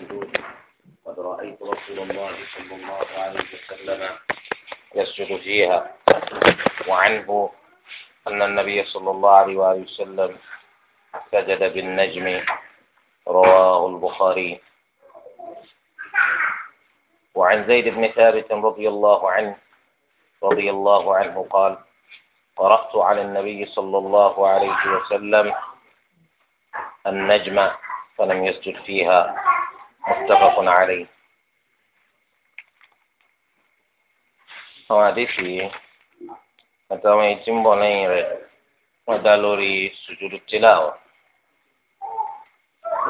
يسجدون قد رأيت رسول الله صلى الله عليه وسلم يسجد فيها وعنه أن النبي صلى الله عليه وآله وسلم سجد بالنجم رواه البخاري وعن زيد بن ثابت رضي الله عنه رضي الله عنه قال قرأت على النبي صلى الله عليه وسلم النجم فلم يسجد فيها متفق عليه àwọn àdéhùn yìí àtàwọn èyí tí ń bọ̀ lẹ́yìn rẹ̀ wọ́n dá lórí sùjúdù tìláwà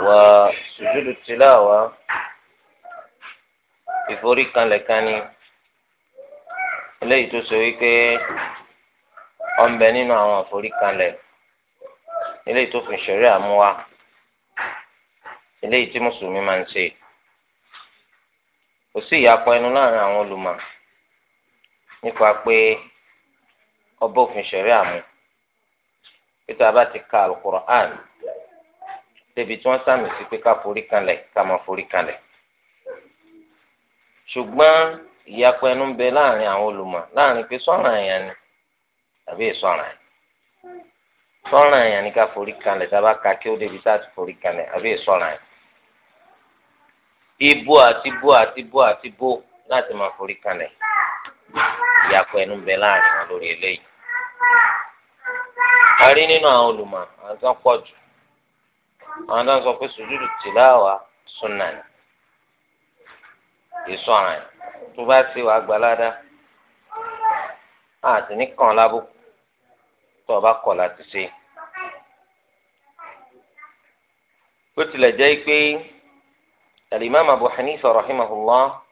wà sùjúdù tìláwà ìforíkanlẹ̀ kan ni eléyìí tó so wípé ọ̀nbẹ nínú àwọn ìforíkanlẹ̀ eléyìí tó fi ṣẹ̀rí àmúwá. eléyìí tí mùsùlùmí máa ń ṣe kò sí ìyapa ẹnu láàrin àwọn olùmọ̀ nípa pé ọba òfin ṣẹ̀rí àmú pété a bá ti ka alukur'an débi tí wọ́n sàmì sí pé ká forí kanlẹ̀ ká máa forí kanlẹ̀ ṣùgbọ́n ìyapa ẹnu ń bẹ láàrin àwọn olùmọ̀ láàrin ni tàbí ìsọ̀ràn sọ́ràn ni ká forí kanlẹ̀ tá a ka kí ó débi tá a ti forí kanlẹ̀ àbí ibo àti bo àti bo àti bo láti máa forí kalẹ̀ ìyàpọ̀ ẹnu bẹ láàrin wọn lórí eléyìí. a rí nínú àwọn olùmọ̀ àwọn tó pọ̀ jù àwọn tó ń sọ pé sùjúdù tìláwà súnà ni èso àrùn tó bá ṣe wàá gbalada àti ní kàn lábùkù tó o bá kọ̀ láti ṣe. bó tilẹ̀ jẹ́ pé alimami abu hanifa rahimahullah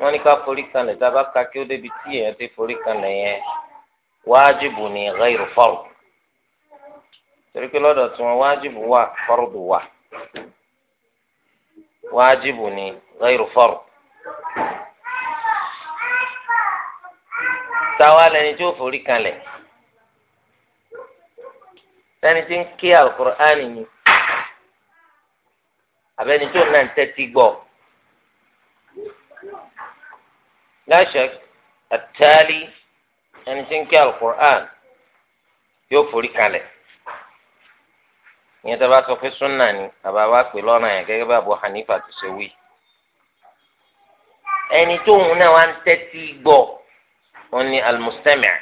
wọn ní ká forí kanlẹ̀ tá a bá ka kí ó débi tí èèyàn ti forí kanlẹ̀ yẹn wájibu ní ghayru fard torí pé lọ́dọ̀ tí wọn wájibu wà fardu wà wájibu ní ghayru fard táwa lẹni tí ó forí kanlẹ̀ lẹni tí ń kí alukur'ani yìí abẹ́ni tó náà ń tẹ́tí gbọ́. láṣẹ àtàlí ẹni tí ń kí alukur'an yóò forí kalẹ̀ ìyẹn tó bá sọ pé súnà ni àbá wa pè lọ́nà yẹn gẹ́gẹ́ bá Abu Hanifa ti ṣe wí. ẹni tóun náà wá ń tẹ́tí gbọ́ òun ni almustami'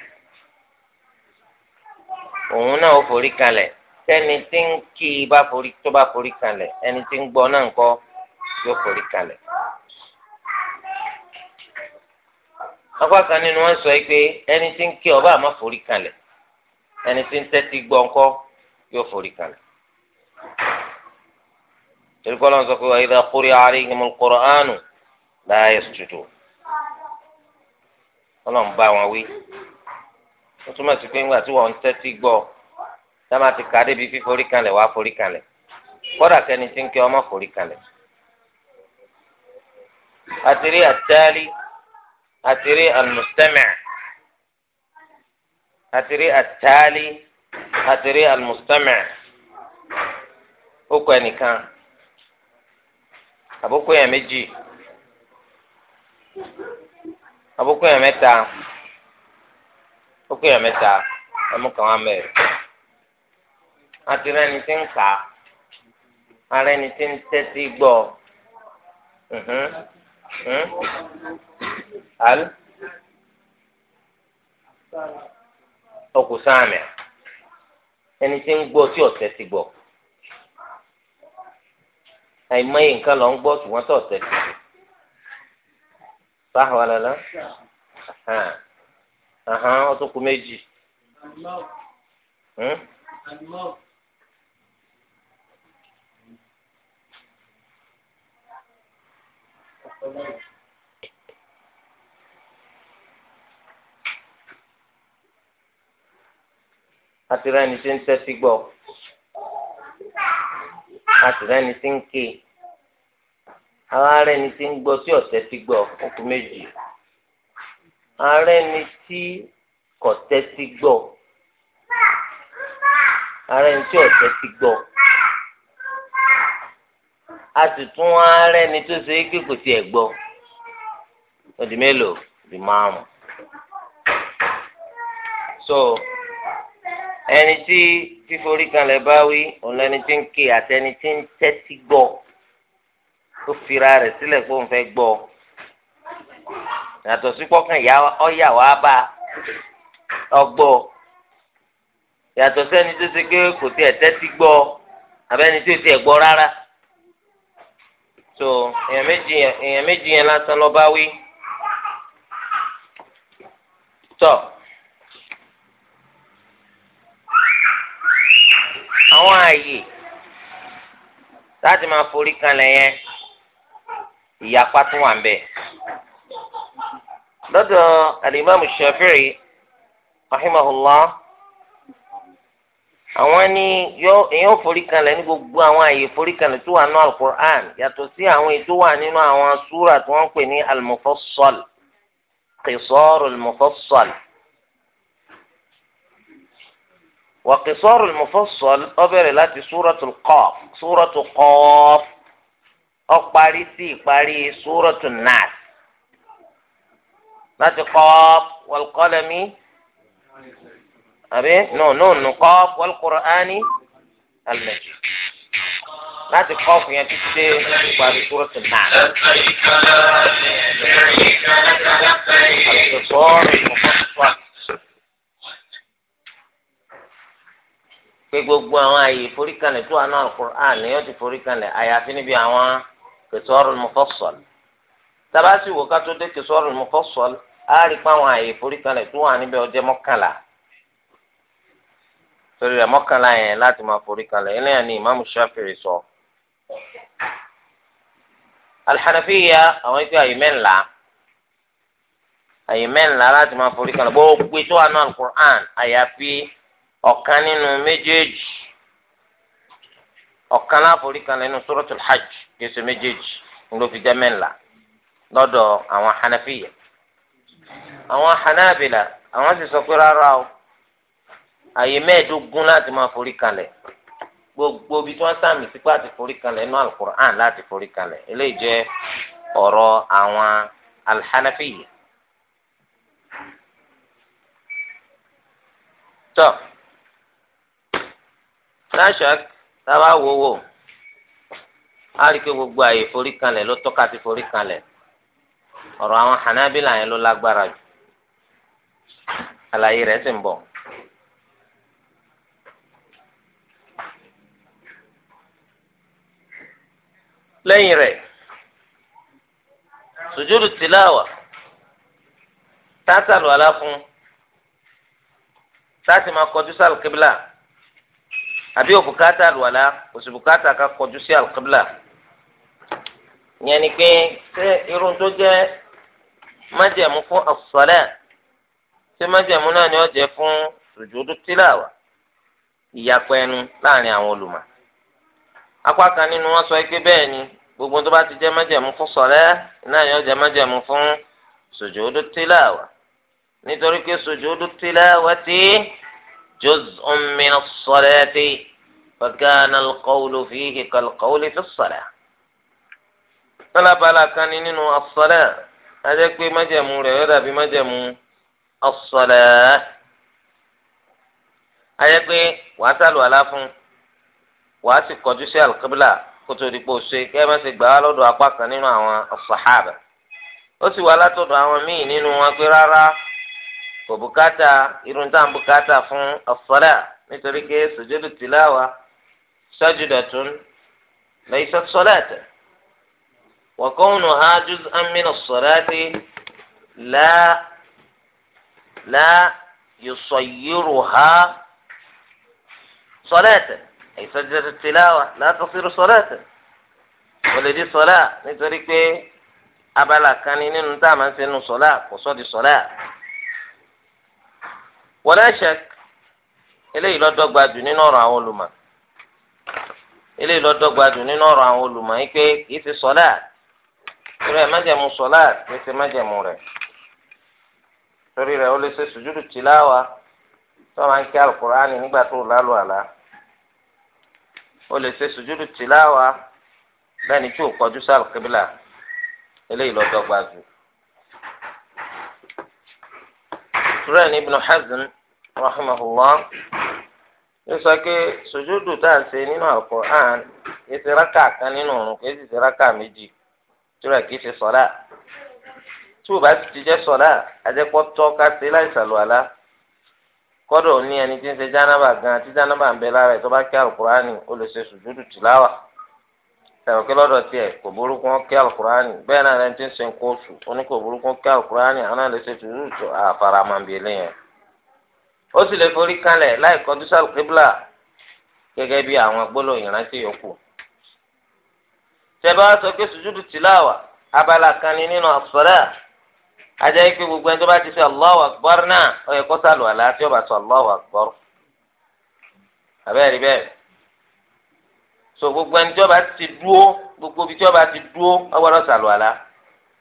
òun náà ó forí kalẹ̀ tẹ́ni tí ń kí i bá forí tó bá forí kalẹ̀ ẹni tí ń gbọ́ náà ń kọ́ yóò forí kalẹ̀. apá kan nínú wọn sọ pé ẹni tí ń kí ọba àmọ́ forí kalẹ̀ ẹni tí ń tẹ́tí gbọ́ ńkọ́ yóò forí kalẹ̀. torí kọ́ ló ń sọ pé wa idha quri'a alayhimul Qur'anu la yasjudun ọlọ́run bá wọn wí. ó túmọ̀ sí pé ńgbà tí wọ́n ń tẹ́tí gbọ́ sábà ti kàdé bí fíforí kanlẹ̀ wàá forí kanlẹ̀ kódà kẹni tí ń kí ọmọ forí kanlẹ̀. àtìrí àtàlí àtìrí àlùmùsítẹ́mẹ̀ àtìrí àtàlí àtìrí àlùmùsítẹ́mẹ̀ ó kọ ẹnìkan àbókò yẹn méjì àbókò yẹn mẹ́ta àbókò yẹn mẹ́ta ẹmu kàn wá mẹ́rin àtúrà ẹni tí ń kà á ara ẹni tí ń tẹ́tí gbọ́ mhm. Mhm. al ọkùsáàmì ẹni tí ń gbọ́ tí ọ̀tẹ́ ti gbọ́ àìmọye nǹkan lọ ń gbọ́ ṣùgbọ́n tó ọ̀tẹ́ ti gbọ́ báwa lọ́la ọ̀tún kù méjì. Hmm? àtìrẹ́ ẹni tí ń tẹ́tí gbọ́ àtìrẹ́ ẹni tí ń ké àwọn ará ẹni tí ń gbọ́ sí ọ̀tẹ́ tí gbọ́ okùn méjì ará ẹni tí kò tẹ́tí a sì tún wá rẹ́ni tó ṣe é pé kò tiẹ̀ gbọ́ ó di mélòó di márùn. so ẹni tí fíforí kanlẹ̀ bá wí òun lẹni tí ń ké àti ẹni tí ń tẹ́tí gbọ́ tó fira rẹ̀ sílẹ̀ pé òun fẹ́ gbọ́ yàtọ̀ sí pọ́kàn ọ̀yà wàá bá ọgbọ́ yàtọ̀ sẹ́ni tó ṣe pé kò tiẹ̀ tẹ́tí gbọ́ abẹ́ni tó tiẹ̀ gbọ́ rárá. so èèyàn méjì yẹn èèyàn méjì yẹn lásán lọ bá wí tọ àwọn ààyè láti máa forí yẹn ìyapa tún wà ń lọ́dọ̀ àwọn ni èèyàn foríkanlẹ̀ ní gbogbo àwọn àyè foríkanlẹ̀ tó wà nínú alukur'an yàtọ̀ sí àwọn èyí tó wà nínú àwọn súrà tí wọ́n ń pè ní almufassal qisar almufassal. wa qisar almufassal ó bẹ̀rẹ̀ láti súratul qaf súratul qaf ó sí ìparí súratun nas láti qaf wal qalami àbí nù nù nù kọ́ wal Qur'ani al-majid láti kọ́ fún yẹn títí dé ìparí kúrò tó nà. pé gbogbo àwọn àyè ìforíkalẹ̀ tó wà náà al-Qur'an ni yóò ti foríkalẹ̀ àyàfi níbi àwọn kìsọ́rù mufassal tabasi wò ká tó dé kìsọ́rù mufassal á rí i àwọn àyè ìforíkalẹ̀ tó wà níbẹ̀ ọjọ́ mọ́kànlá. torí rẹ̀ mọ́kànlá yẹn láti máa forí ni ìmáàmù Shafi'i sọ. alḥanafiya àwọn ikú àyè mẹ́ńlá àyè mẹ́ńlá láti máa forí kalẹ̀ bó gbé àná alukur'an àyàfi ọ̀kan nínú méjèèjì ọ̀kan nínú hajj kéṣe méjèèjì ló jẹ́ lọ́dọ̀ àwọn hanafiya àwọn hanabila àwọn sì sọ pé rárá o. àyè mẹ́ẹ̀ẹ́dógún láti máa forí kalẹ̀ gbogbo bí tí wọ́n sàmì sípò àti forí kalẹ̀ inú alukur'an láti forí kalẹ̀ eléyìí jẹ́ ọ̀rọ̀ àwọn alhanafiyi. tọ́ láṣak táwa wò wò á rí i pé gbogbo àyè forí kalẹ̀ ló tọ́ka ti forí kalẹ̀ ọ̀rọ̀ àwọn hanabila yẹn ló lágbára jù àlàyé rẹ̀ sì ń bọ̀. lẹ́yìn rẹ̀ sùjúdù tìláwà tásàlù aláfún tásì máa kọjú sí alùkébìlà àbí òbùkátà àlùwàlá ká kọjú sí ìyẹn ni pé ṣé irun tó jẹ́ májẹ̀mú fún àṣọlẹ̀ ṣé májẹ̀mú náà ni ó jẹ́ fún sùjúdù tìláwà ìyàpọ̀ láàrin àwọn olùmọ̀. apá kan nínú wọn sọ pé bẹ́ẹ̀ ni gbogbo tó bá ti jẹ́ májẹ̀mú fún sọ̀rẹ́ náà yóò jẹ́ májẹ̀mú fún sujudu tilawa nítorí pé sujudu tilawati juz'un min as-salati fa kana al-qawlu fihi kal-qawli fi as-salah. kan ní nínú as-salah pé májẹ̀mú rẹ̀ yóò dàbí májẹ̀mú as-salah pé wàá sàlùwàlá fún wàá sì kọjú sí alqibla kótó di o ṣe kẹ́ ẹ má ṣe gbà á lọ́dọ̀ apá kan nínú àwọn sàhábà ó sì wá látọ̀dọ̀ àwọn míì nínú wọn pé rárá kò bùkátà ń bùkátà fún nítorí pé tilawa sajdatun laysat salatan wa kawnuha juz'an min as-salati la la ha èyí sọ́jà tó ti láwà látọ̀sírù sọ́lá tẹ̀ kò lè di sọ́lá nítorí pé abala kan ní nínú tá a máa ń ṣe nínú sọ́lá kò sọ́ di sọ́lá. wala shak eléyìí lọ́dọ́gba jù nínú ọ̀rọ̀ àwọn olùmọ̀ eléyìí lọ́dọ́gba jù nínú ọ̀rọ̀ àwọn olùmọ̀ yìí pé kì í ṣe sọ́lá torí ẹ̀ májẹ̀mú sọ́lá kì í ṣe májẹ̀mú rẹ̀ torí rẹ̀ ó lè ṣe sùjúdù tìláwà tó máa ń kí alukur'ani nígbà tó lálù àlá ó lè ṣe sùjúdù tìláwà lẹ́ni tí ò kọjú sáà kíbílà eléyìí lọ́dọ̀ gbàgbé. sùrẹ́ni ibn Hazm rahimahullah ló sọ pé sùjúdù tá à ń ṣe nínú Al-Qur'an kìí ṣe rákà kan nínú òrùn kìí sì ṣe rákà méjì tura kìí ṣe sọ̀lá tí ò bá ti jẹ́ sọ̀lá àjẹpọ̀ tọ́ ká ṣe láìsàlù kọdọ ní ẹni tí ń ṣe jánábà gan tí jánábà ń bẹ lára ẹ̀ tó bá kí alukurani ó lè ṣe sùjúdù tìláwà sẹ̀rọ̀ kí lọ́dọ̀ tiẹ̀ kò burúkú kí alukurani bẹ́ẹ̀ náà ẹni tí ń ṣe ń kóòtù ó ní kò burúkú kí alukurani àwọn náà lè ṣe sùjúdù àfaramanbélé yẹn ó sì lè forí kalẹ̀ láì kọjú gẹ́gẹ́ bí àwọn gbólóhùn ìrántí yòókù bá abala kan ni nínú ajá yìí pé gbogbo ẹni tó bá ti sọ Allahu Akbar náà ó yẹ kó sàlù àlàáfíà ọba sọ Allahu Akbar àbẹ́rẹ́ bẹ́ẹ̀ so gbogbo ẹni tí ọba ti dúó gbogbo ibi tí ọba ti dúó ó gbọ́dọ̀ sàlù àlá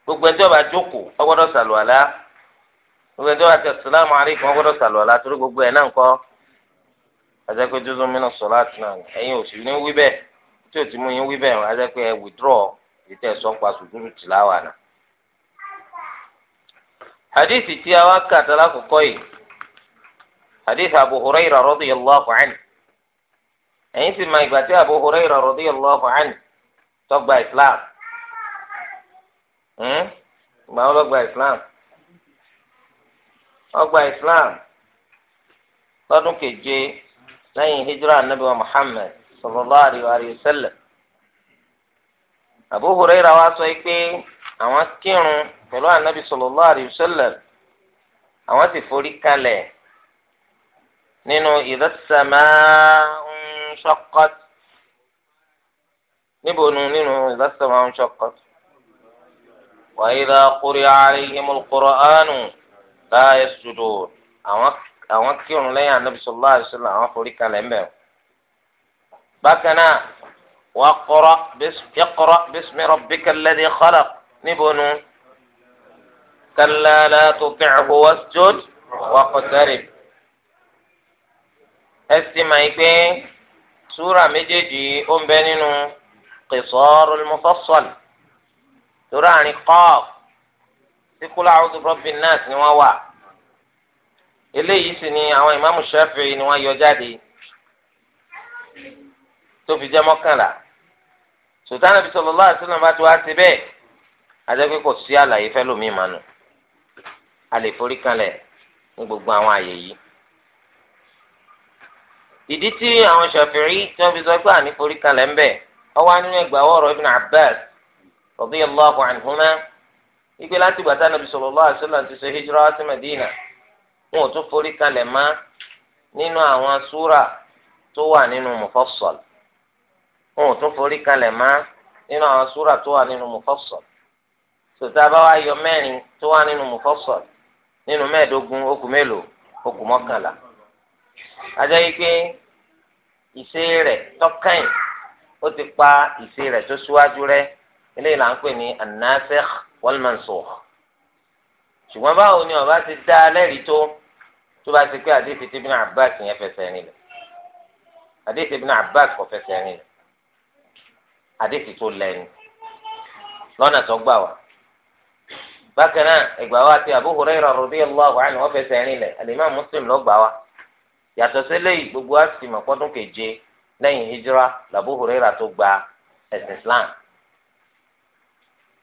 gbogbo ẹni tí ọba jókòó ó gbọ́dọ̀ sàlù àlá gbogbo ẹni tí ọba ti assalamu alaikum ó gbọ́dọ̀ sàlù àlá torí gbogbo ẹ̀ náà ń kọ́ ajá pé dúdú mìíràn sọ láti náà ẹ̀yin òsì ní wí bẹ́ẹ̀ tí ò ti mú yín wí bẹ́ẹ̀ ajá pé withdraw ètò hadithi tí a wá kà tala kọ́kọ́ yìí hadithi abu huraira radiyallahu anhu ẹ̀yin sì máa ìgbà tí abu huraira radiyallahu anhu tó gba islam hmm? ìgbà wọn lọ gba islam wọ́n gba islam lọ́dún keje lẹ́yìn hijra nabi wa muhammad sallallahu alayhi wa sallam abu huraira wá sọ yìí pé àwọn kírun pẹ̀lú anabi sallallahu alaihi wasallam àwọn ti forí kalẹ̀ nínú idha as-samaa'u nshaqqat níbo nu nínú idha as-samaa'u nshaqqat wa idha quri'a alayhimul qur'anu la yasjudun àwọn àwọn kírun lẹ́yìn anabi sallallahu alaihi wasallam àwọn forí kalẹ̀ ń bákan náà waqra' iqra' bismi rabbikal ladhi khalaq níbo nu kalla la tuti'hu wasjud waqtarib ẹsì máa yí pé súrà méjèèjì ó ń bẹ nínú qisarul mufassal torí àárín qaf sí kul a'udhu birabbin nas ni wọ́n wà eléyìí sì ni àwọn ìmáàmù Shafi'i ni wọ́n yọ jáde tó fi jẹ́ mọ́kànlá sùtánà bí sallallahu alaihi bá ti wá ti bẹ́ẹ̀ adẹ́pẹ́ kò sí àlàyé fẹ́ lómi ìmánu a lè forí kanlẹ̀ ní gbogbo àwọn àyè yìí. ìdí tí àwọn Ṣafi'i tí wọ́n fi sọ pé àní forí kanlẹ̀ ń bẹ̀ ọwọ́ nínú ẹgbàá ọ̀rọ̀ Ibn Abbas radiyallahu anhuma ìgbé láti gbàtà nàbì sallallahu alaihi wasallam ti ṣe hijira wá sí Madina wọn ò tún forí kanlẹ̀ má nínú àwọn súrà tó wà nínú Mufassal wọn ò tún forí kanlẹ̀ má nínú àwọn súrà tó wà nínú Mufassal sòtá bá wá yọ mẹ́rin tó wá nínú mufassal nínú mẹ́ẹ̀ẹ́dógún ó kù mélòó ó kù mọ́kànlá ajá yìí pé ìṣe rẹ̀ tọ́kàn ó ti pa ìṣe rẹ̀ tó síwájú rẹ̀ eléyìí là ń pè ní an-nasikh wal báwo ni ọba ti dá lẹ́rìí tó tó bá ti pé hadith ibn Abbas yẹn fẹsẹ̀ nílẹ̀ hadith ibn Abbas kò fẹsẹ̀ nílẹ̀ hadith tó lẹ́nu lọ́nà tó gbà wá. bákan náà wa ti Abu Hurairah radiyallahu anhu wọ́n fẹsẹ̀ rìn lẹ̀ Muslim ló gbà wá yàtọ̀ gbogbo wa sì mọ̀ pọ́dún keje lẹ́yìn hijira l'Abu tó gba ẹ̀sìn Islam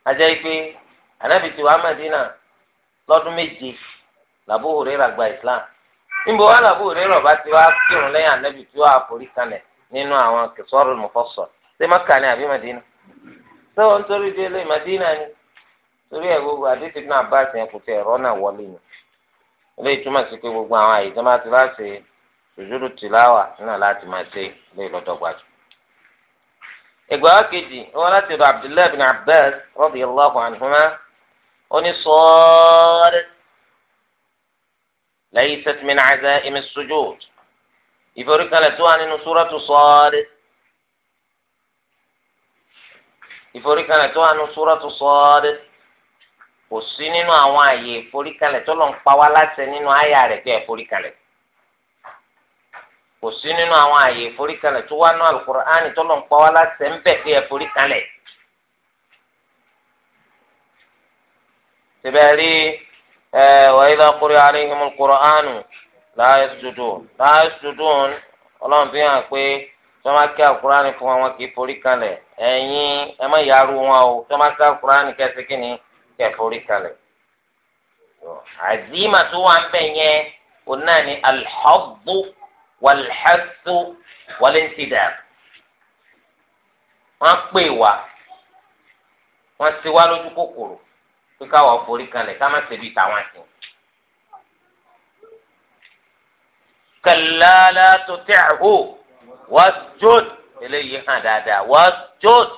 ajẹ́ pé anabi ti wa Madina lọ́dún méje l'Abu gba Islam níbo l'Abu Hurairah bá ti wa kírun lẹ́yìn anabi tí wọ́n àforí kanlẹ̀ nínú àwọn kẹsọ́rọ̀ mọ̀fọ́sọ̀ ṣé torí ẹ gbogbo àdéhùn ibn Abbas yẹn kò tẹ ẹ̀rọ náà wọlé ni eléyìí túmọ̀ sí pé gbogbo àwọn àyè tó máa ti láṣẹ sujudu tìláwà náà láti máa ṣe lé lọ́dọ̀gba jù. ìgbà kejì wọn láti rọ Abdullahi bin Abbas radiyallahu anhuma ó ní sọ́ọ́rẹ́ laysat min azaimi sujud ìforíkalẹ̀ tó wà nínú súrọ́tù sọ́ọ́rẹ́ ìforíkalẹ̀ tó wà nínú súrọ́tù sọ́ọ́rẹ́. kò sí nínú àwọn àyè ìforíkalẹ̀ tó lọ ń pa wá láṣẹ nínú àyà rẹ̀ pé ìforíkalẹ̀ kò sí nínú àwọn àyè ìforíkalẹ̀ tó wá ná Al-Qur'ani tó lọ ń pa wá láṣẹ ń bẹ̀ pé ìforíkalẹ̀ síbẹ̀ rí wa idha quri'a alayhimul Qur'anu la yasjudun la yasjudun ọlọ́run fi hàn pé fún wọn kì í ẹ̀yin ẹ kẹ́ forí kalẹ̀ àzima tó wà ń bẹ yẹn kò náà ní alḥabbu walḥassu walintidab wọ́n pè wá wọ́n ti wá lójú kòkòrò pé káwọn forí kalẹ̀ ká má ṣe bí tàwọn àti wọn. kalla la tuti'hu wasjud eléyìí hàn dáadáa wasjud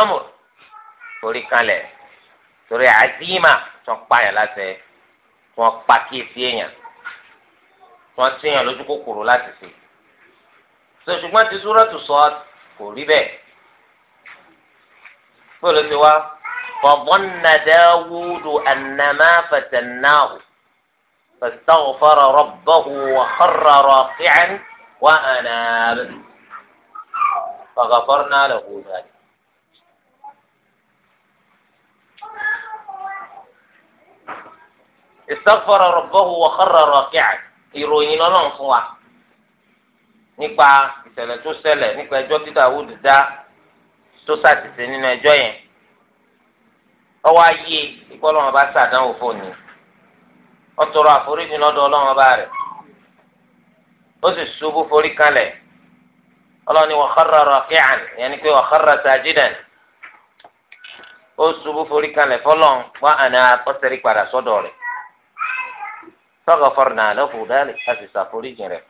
amr forí kalẹ̀ torí àdìmà tí wọn pààyàn láti tí wọn pa kíyèsí èèyàn tí wọn tíyàn lójú kòkòrò láti ṣe so ṣùgbọ́n ti súrọ́tù won pa kí èsì eeyan kò rí bẹ́ẹ̀ fún bee fun ti wa fọ̀bọ́nà wúdu ànàmá fàtẹ̀náhù فاستغفر ربه وخر راكعا وأناب فغفرنا wúdu ذلك istaghfara rabbahu wa kharra raki'an ìròyìn lọ́nà fún wa nípa ìṣẹ̀lẹ̀ tó ṣẹlẹ̀ nípa ẹjọ́ tí Dawud dá tó ṣàtìṣe nínú ẹjọ́ yẹn ọwọ́ ayé ikú ọlọ́run bá ṣàdánwò fóònù ó tọrọ àforíjì lọ́dọ̀ ọlọ́run bá rẹ̀ ó sì ṣubú forí kalẹ̀ ọlọ́run ni wa yẹn ni pé wa kharra ó ṣubú forí kalẹ̀ fọlọ́n wá àná akọ́sẹ̀rí padà sọ́dọ̀ rẹ̀ faghfarna lahu dhalik a sì ṣàforíjì rẹ̀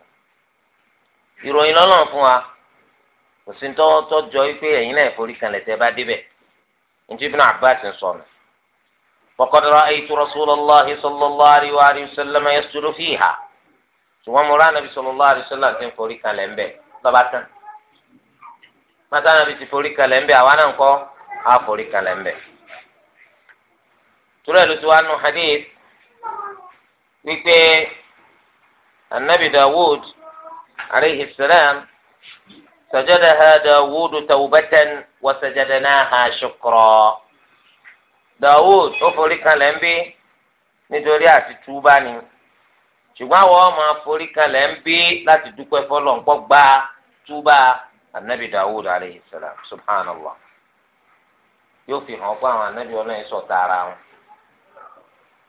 ìròyìn lọ́lọ́run fún wa kò sí tọ́jọ́ pé ẹ̀yin náà forí kan lẹ́sẹ̀ bá débẹ̀ njẹ́ Ibn Abbas ń sọnù faqad ra'aytu Rasulallahi sallallahu alayhi wa sallam yasjudu fiha ṣùgbọ́n mo rà nàbí sallallahu alayhi wa sallam ti ń forí kan lẹ́ ń bẹ̀ lọ́ba tán mọ́tà nàbí ti forí kan lẹ́ ń àwa náà ń kọ́ á kan lẹ́ ń bẹ̀. ti wá nù hadith wípé anabi dawud aleyhi salam sajadaha dawud tawbatan wa sajadanaha shukra dawud ó forí kalẹ̀ ń bí nítorí àti túbá ni ṣùgbọ́n àwọn ọmọ forí kalẹ̀ ń bí láti dúpẹ́ fọlọ́ ńpọ́ gba túbá anabi dawud aleyhi salam subhanallah yóò fi hàn fún àwọn anabi ọlọ́yin sọ̀tà ara wọn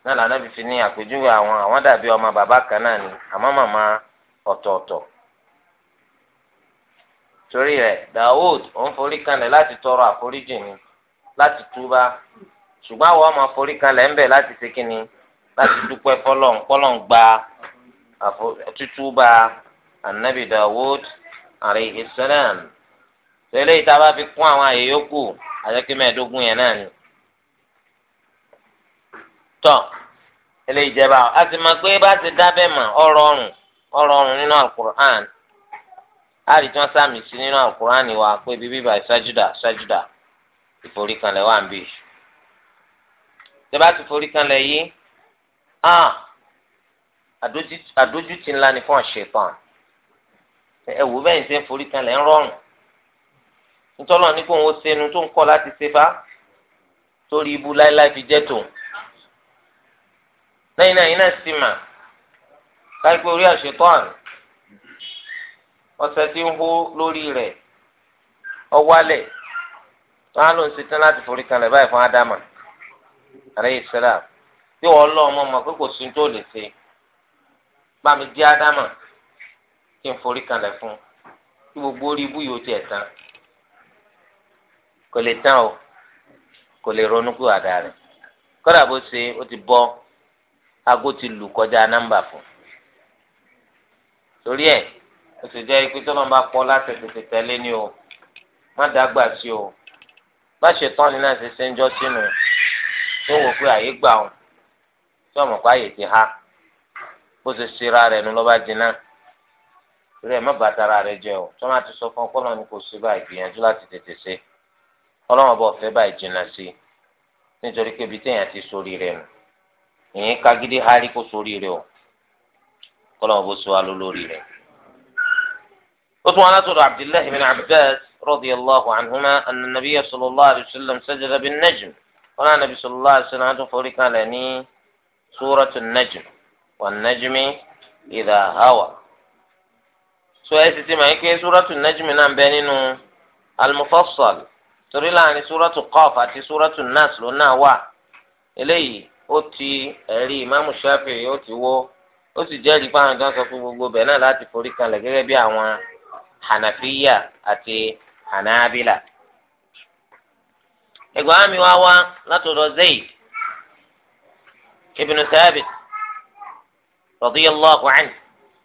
náà lànà fífi ní àpèjúwe àwọn àwọn dàbí ọmọ bàbá kan náà ni àmọ́ màmá ọ̀tọ̀ọ̀tọ̀ torí rẹ̀ Dawud òun forí kanlẹ̀ láti tọrọ àforíjì ni láti túbá ṣùgbọ́n àwọn ọmọ forí kanlẹ̀ ń bẹ̀ láti ṣe kínni láti dúpẹ́ fọlọ́n fọlọ́n gba tútúbà anabi Dawud alayhi tẹ́lẹ̀ ìta bá fi kún àwọn àyè yòókù àjẹkí mẹ́ẹ̀ẹ́dógún yẹn náà ni tọ́ ilé ìjẹba a sì máa pé bá ti dábẹ́ mọ̀ ọ̀rọ̀ ọ̀rùn ọ̀rọ̀ ọ̀rùn nínú alukur'an àrí tí wọ́n sàmì sí nínú alukur'an wa pé bíbí bá ṣájúdà ṣájúdà ìforíkanlẹ̀ wà ń bì tẹ́bá ti foríkanlẹ̀ yìí àdójútì ńlá ni fún àṣepọ̀n ẹ wò bẹ́ẹ̀ ń ṣe ń foríkanlẹ̀ ń rọrùn nítorí wọn ní kó ń wo senu tó ń kọ́ láti ṣe fa torí ibu láéláé fi jẹ́ tòun lẹ́yìn náà iná sì mà láìpẹ́ orí àṣetán ọ̀sẹ̀ tí ń hó lórí rẹ̀ ọwálẹ̀ wọn á lò ń ṣetán láti forí kanlẹ̀ báyìí fún ádámà àlẹ́ ìṣẹ́lá tí wọ́n lọ ọmọ ọmọ pé kò sí tó lè ṣe bá mi di ádámà kí n forí kanlẹ̀ fún kí gbogbo orí ibú yóò tiẹ̀ tán kò lè tán o kò lè ronú kú àdá rẹ̀ kódà bó ṣe ó ti bọ́ aago ti lù kọjá nọ́mbà fún torí ẹ o sì jẹ́ ikú tọ́lọ́ bá pọ́ láti tètè tẹ́lé ni o má dàgbà sí o bá ṣe tán ni náà ṣe ṣe ń jọ́ sínú tó wò pé àyè gbà ọ́n tí ọmọ pa àyè ti ha bó ṣe ṣera rẹ̀ nu lọ́ba jiná torí ẹ má bàtàrà rẹ jẹ o tí wọ́n bá ti sọ fún ọ kọ́lọ́ ni kò sí báyìí gbìyànjú láti tètè ṣe ọlọ́wọ́n bọ̀ fẹ́ báyìí jìnnà sí i nítorí pé ibi téèyàn ti sórí rẹ̀ nù. ìyẹn kagídí hali kó sórí rẹ o kọlọ bó so alo lórí rẹ. ó tún wọn látọ̀dọ̀ abdullahi bin abbas radiyallahu anhuma anna nabiyya sallallahu alayhi wa sallam sajada bin najm wọn náà nabi sallallahu alayhi wa sallam tún forí kalẹ̀ ní suratu najm wa najmi idha hawa. so ẹ sisi ma ike suratu najm náà bẹ nínú torí láàrin suratu kọf àti suratu nas ló náà wà eléyìí. ó ti ẹ̀rí ìmáàmù Ṣáfi'í ó ti wó ó sì jẹ́rìí pé àwọn kan sọ fún gbogbo bẹ́ẹ̀ náà láti forí kanlẹ̀ gẹ́gẹ́ Hanafiya àti Hanabila. ẹgbàá mi wá wá látọ̀dọ̀ Zayd ibn Thabit radiyallahu anhu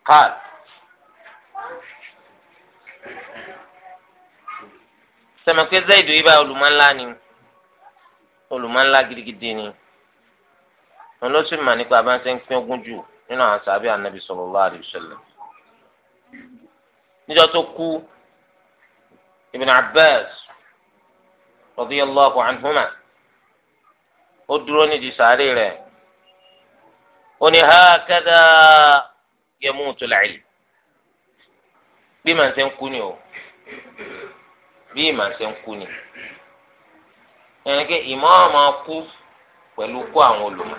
qala. sẹ̀mẹ̀kẹ́ Zayd yìí bá ni olùmọ̀ńlá wọn ló sì mà nípa bá ń anabi pín ogún jù nínú àwọn sallallahu alaihi wasallam níjọ́ tó kú Ibn Abbas radiyallahu anhuma ó dúró nídìí sàárè rẹ̀ ó ní hakadha yamutul ilm bí màá ṣe ń kú ni o bí màá ṣe ń kú ni ẹnìkan ìmọ̀ ọ̀ma kú pẹ̀lú kó àwọn olùmọ̀.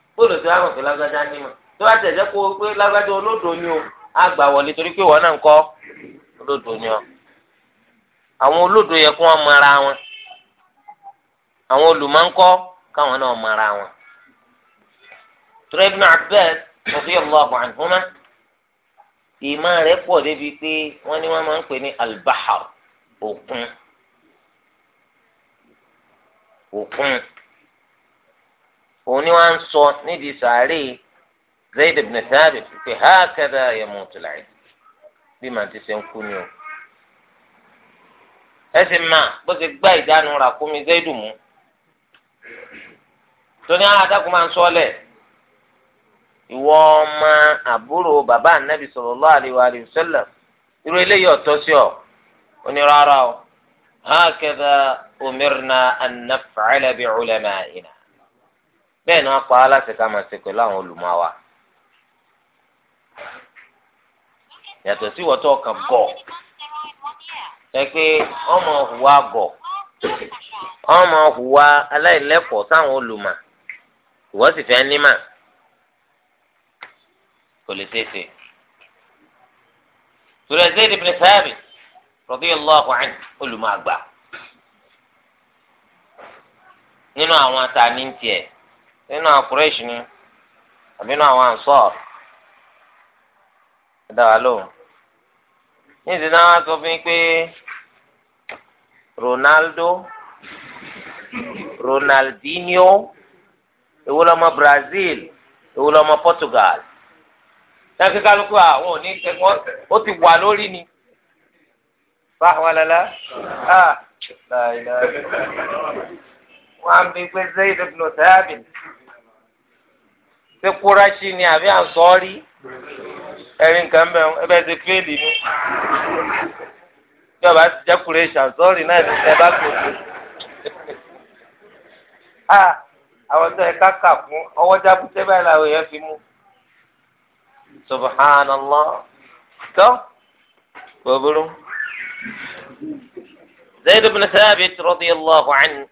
bóòlù tí wàá mọ̀ pé lágbájá ní mọ̀ tó bá tẹ̀sẹ̀ kó pé lágbájá olódò ni o á wọlé torí pé wọn náà ń kọ́ ọ. àwọn olódò yẹ kó wọn mọ ara wọn àwọn olùmọ̀ńkọ́ káwọn náà mọ ara wọn. ìmọ̀ rẹ̀ pọ̀ débi pé wọ́n òun ni wọ́n ń sọ nídìí sàárè Zayd ibn Thabit pé hakadha yamutu al-'abd bí màá ti ṣe ń kú ni o ẹ sì máa bó ṣe gbá ìdánu ràkúnmí Zaidu mú tóní aládàkùn máa ń sọlẹ̀ ìwọ ọmọ àbúrò bàbá ànábì sallallahu alaihi wa sallam irú eléyìí ọ̀tọ̀ sí ọ onírárá o hakadha umirna an naf'ala bi ulama'ina. bẹ́ẹ̀ ni wọ́n pa á ká máa ṣe pẹ̀lú àwọn olùmọ̀ yàtọ̀ sí wọ́tọ̀ ọkàn gọ̀ ẹ pé ọmọ gọ̀ ọmọ hùwà aláìlẹ́kọ̀ọ́ sáwọn olùmọ̀ ìwọ sì fẹ́ nímà kò lè tètè. sùrẹ̀ Zayd ibn Thabit radiyallahu anhu olùmọ̀ àgbà nínú àwọn ata nínú àkùrẹ́ṣì ni àbí nínú àwọn ànsọ́ọ̀rù ẹ dá wa lóhùn ní ìdí náà wọ́n sọ fún yín pé Ronaldo Ronaldinho èwo lọmọ Brazil èwo lọmọ Portugal dáké kálukú àwọn òní ẹ̀gbọ́n ó ti wà lórí ni fáwọlẹlẹ ah láìláì wọn á bí pé Zayd ibn Thabit ṣé kúráṣí ni àbí àǹsọ́rí ẹ̀rín kan bẹ́ẹ̀ ẹ bẹ́ẹ̀ ṣe fẹ́ẹ̀lì ni bí ọba ti jẹ́ kúrẹ́ṣì àǹsọ́rí náà ní ẹ bá gbòòdò ah, àwọn tó yẹ káka fún ọwọ́ jábútẹ́ báyìí làwọn èèyàn fi mú subhanallah tó gbogbo. زيد بن ثابت رضي الله عنه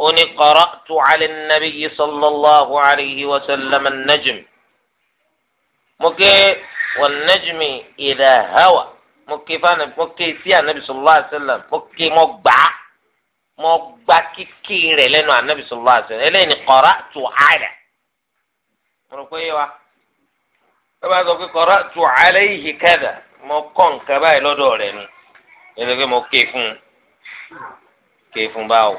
أني قرأت على النبي صلى الله عليه وسلم النجم مكي والنجم إذا هوى مكي فانا مكي في النبي صلى الله عليه وسلم مكي مقبع مقبع كثير لأنه النبي صلى الله عليه وسلم إليني قرأت على مرقوية كما قرأت عليه كذا مقون كبائل دوري إذا كي مكيفون كيفون باو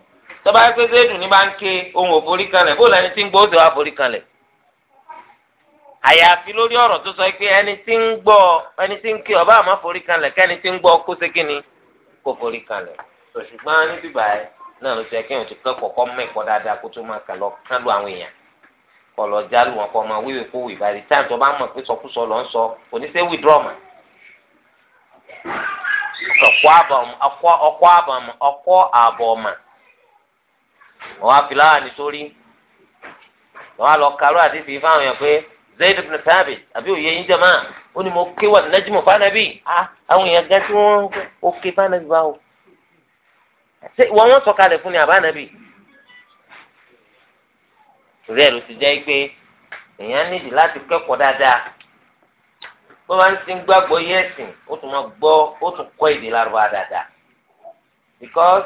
tọ́ba yẹ pé zéèdù ní bá ń ké ohun òforí kanlẹ̀ bó lẹni tí ń gbọ́ ó sì wá forí kanlẹ̀ àyàfi lórí ọ̀rọ̀ tó sọ pé ẹni tí ń gbọ́ ẹni tí ń ké ọba àmọ́ forí kanlẹ̀ kẹ́ni tí ń gbọ́ kó ségin ni kò forí kanlẹ̀ ṣùgbọ́n níbí báyìí náà ló ti yẹ kéèyàn ti kẹ́kọ̀ọ́ kọ́ mẹ́kọ̀ọ́ dáadáa kó tó máa kà lọ kán lu àwọn èèyàn kọ́ lọ jálù wọn kọ́ àbọ̀ ọmọ wọ́n á fi láwà nítorí wọ́n á lọ karú àdìsí fáwọn yẹn pé Zayd ibn Thabit àbí òye yín jẹ́ máa ó ní mo ké wà nájúmọ fánábì àwọn èèyàn gan tí wọ́n ó ké fánábì báwo wọ́n wọ́n sọ̀kalẹ̀ fún ni àbánábì torí ẹ̀ ló ti jẹ́ pé èèyàn nídìí láti kẹ́kọ̀ọ́ dáadáa bó bá ń sin gbàgbọ́ yẹ́sìn ó tún máa gbọ́ ó tún kọ́ èdè lárúbá dáadáa because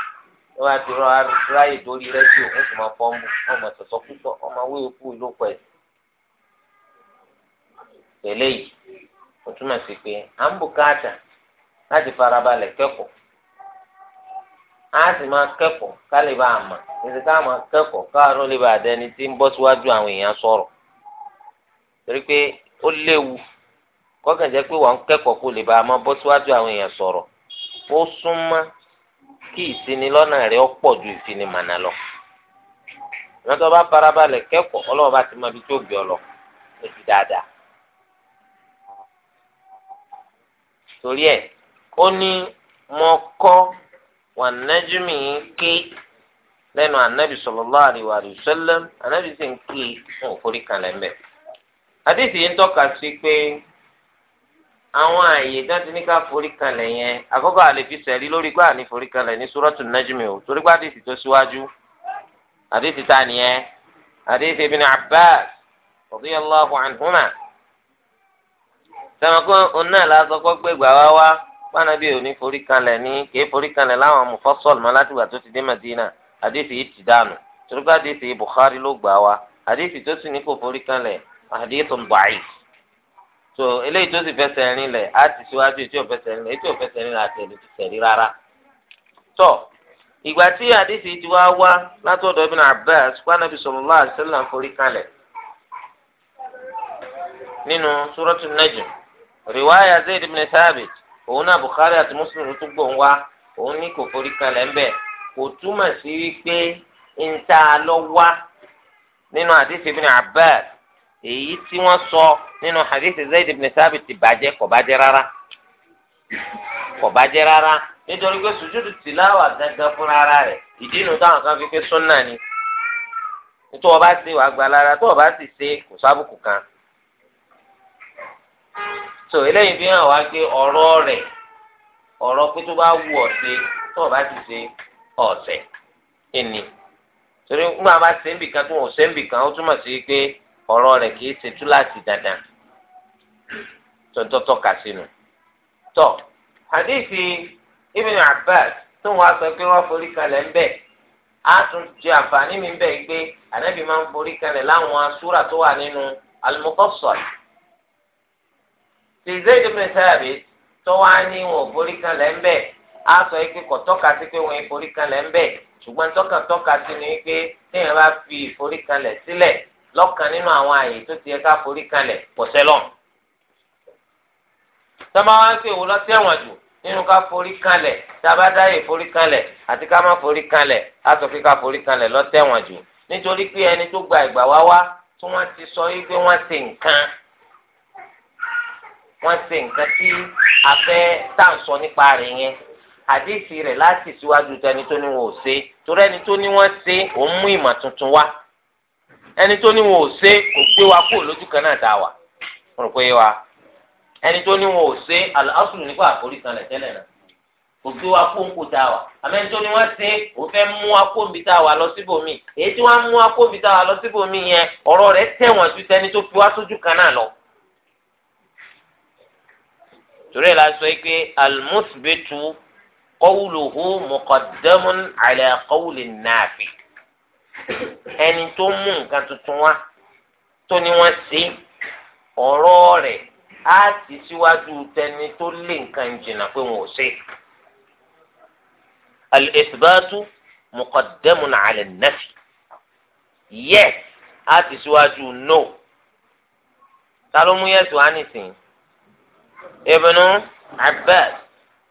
tó bá ti ráyè dórí rẹ́díò ó sì máa fọ́ọ̀mù ọmọ sọ̀sọ́ púpọ̀ ọmọ wíwò kú ló pẹ̀. pẹ̀lẹ́ yìí ó túmọ̀ sí pé à ń bùkátà láti farabalẹ̀ kẹ́kọ̀ọ́ á sì máa kẹ́kọ̀ọ́ ká lè bá a mà ká máa kẹ́kọ̀ọ́ káàárọ̀ lè bá a dẹni tí ń bọ́ síwájú àwọn èèyàn sọ̀rọ̀ torí pé ó léwu kọ́kànjẹ́ pé wọ́n kẹ́kọ̀ọ́ kó lè bá a kí ìsinilọ́nà rẹ̀ ọ̀pọ̀ ju ìsinimànà lọ. ìrántí ọba farabalẹ̀ kẹ́kọ̀ọ́ ọlọ́wọ́ bá ti máa tó gbé ọ lọ ó dáadáa. torí ẹ̀ ó ní mo kọ́ wọn ké lẹ́nu anabi sallallahu alaihi wa sallam anabi sì ń ké fún àwọn àyè tí ní ká forí kalẹ̀ yẹn àkọ́kọ́ àlè fi lórí gbà forí kalẹ̀ ní suratul najmi o torí àdéhìí tó síwájú àdéhìí ta nìyẹn àdéhìí Abbas oná wá wá pànàbí ò ní forí kalẹ̀ ní kìí forí kalẹ̀ láwọn mọ́ tó ti dé Madina àdéhìí ti dànù torí gbà àdéhìí ní so eléyìí tó sì fẹsẹ̀ rin lẹ̀ á ti síwájú ètò ìfẹsẹ̀ rin lẹ̀ ètò ìfẹsẹ̀ rin lẹ̀ àti ètò ìfẹsẹ̀ rin rárá. tọ́ ìgbà tí àdìsí ti wá wá látọ̀dọ̀ Ibn Abbas kwanabi sallallahu alaihi wasallam forí kalẹ̀ nínú suratu Najm riwaya Zayd ibn Thabit òun náà Bukhari àti Muslim tó gbòǹ wá òun ní kò forí kalẹ̀ ńbẹ̀ kò túmọ̀ sí wípé ń ta lọ wá nínú àdìsí Ibn Abbas èyí tí wọ́n sọ nínú hadithi Zayd ibn Thabit ti bàjẹ́ kò bàjẹ́ rárá kò bàjẹ́ rárá nítorí pé sùjúdù tìláwà gángan fúnra ara rẹ̀ ìdí inú táwọn kan fi pé súnà ni tó o bá ṣe wàá gba lára tó o bá sì ṣe kò sábùkù kan so eléyìí fi hàn wá pé ọ̀rọ̀ rẹ̀ ọ̀rọ̀ pé tó bá wù ọ́ ṣe tó o bá sì ṣe ọ̀sẹ̀ ẹni torí nígbà bá ṣe ń bìkan tó o ṣe ń bìkan ó túmọ̀ sí pé ọ̀rọ̀ rẹ̀ kìí ṣe túláàsì dandan tọ́tọ́tọ́ kà sínú. tọ́ hadithi ibn abbas tó wọ́n sọ pé wọ́n forí kalẹ̀ ń bẹ̀ á tún jẹ àǹfààní mi bẹ́ẹ̀ gbé ànábì máa ń forí kalẹ̀ láwọn súrà tó wà nínú al-mufassal. ti zayd ibn thabit tó wá ní wọn forí kalẹ̀ ń bẹ̀ á sọ pé kò tọ́ka sí pé wọ́n forí kalẹ̀ ń bẹ̀ ṣùgbọ́n tọ́ka tọ́ka sí ni pé téèyàn bá fi ìforí kalẹ̀ sílẹ̀ lọ́kàn nínú àwọn àyè tó ti yẹ ká forí kalẹ̀ pọ̀sẹ́lọ̀ sábà wá ń pè wò lọ́sẹ̀wọ̀n jù nínú ká forí kalẹ̀ sábà dáyè forí kalẹ̀ àti ká má forí kalẹ̀ á sọ pé ká forí kalẹ̀ lọ́sẹ̀wọ̀n jù nítorí pé ẹni tó gba ìgbà wá wá tí wọ́n ti sọ yìí pé wọ́n ṣe nǹkan wọ́n ṣe nǹkan tí a fẹ́ tá à ń sọ nípa rẹ̀ yẹn àdéhìí rẹ̀ láti síwájú tẹni tó ní wọn ò ṣe torí ẹni tó ní wọ́n ṣe òun mú ìmọ̀ tuntun wá. ẹni tó ní wọn ò ṣe kò gbé wa kó lójú kan náà dá wa mo rò wa ẹni tó ní wọn ò ṣe aláṣùn nípa àforí kan lẹ̀ tẹ́lẹ̀ náà kò gbé wa kó ń dá wa tó ní wọ́n ṣe kò fẹ́ mú wa kó wà lọ èyí tí wọ́n mú wa kó wà lọ yẹn ọrọ rẹ̀ ju tẹni tó fi wá sójú kan náà lọ torí ẹni tó mú nǹkan tuntun wá tó ní wọ́n ṣe ọ̀rọ̀ rẹ̀ á ti síwájú tẹni tó lé nǹkan jìnnà pé wọn ò ṣe. al-ithbatu muqaddamun ala an-nafi yes á ti síwájú no ta ló mú yes wá nísìnyí Ibnu Abbas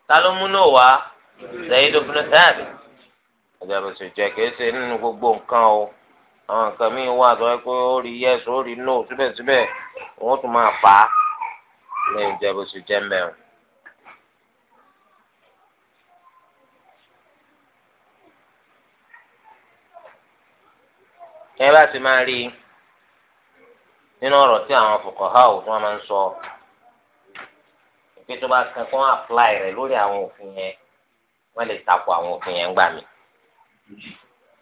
ta ló mú no wá Zaid ibn Thabit àjàbẹ̀sẹ̀ jẹ́ kéésì nínú gbogbo nǹkan o àwọn nǹkan míì wà tó yẹ pé ó rí yes ó rí no síbẹ̀síbẹ̀ wọ́n tún máa fà á lẹ́yìn àjàbẹ̀sẹ̀ jẹ́ mẹ́rin. ẹ bá ti máa rí nínú ọ̀rọ̀ tí àwọn fuqaha tí wọ́n máa ń sọ pé tó bá apply rẹ̀ lórí àwọn òfin yẹn wọ́n lè takò àwọn òfin yẹn gbà mí.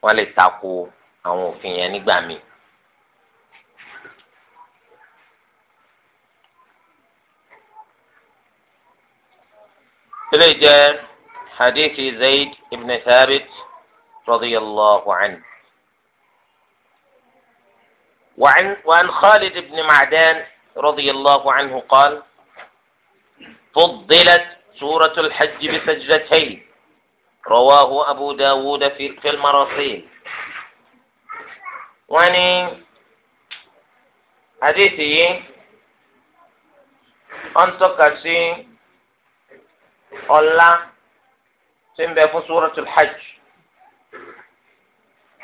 wọ́n lè tako àwọn òfin yẹn nígbà míì. إليه جاء حديث زيد بن ثابت رضي الله عنه وعن, وعن خالد بن معدان رضي الله عنه قال فضلت سورة الحج بسجدتين رواه أبو داود في, في المراسيل واني حديثي أنت كسي الله تنبه في سورة الحج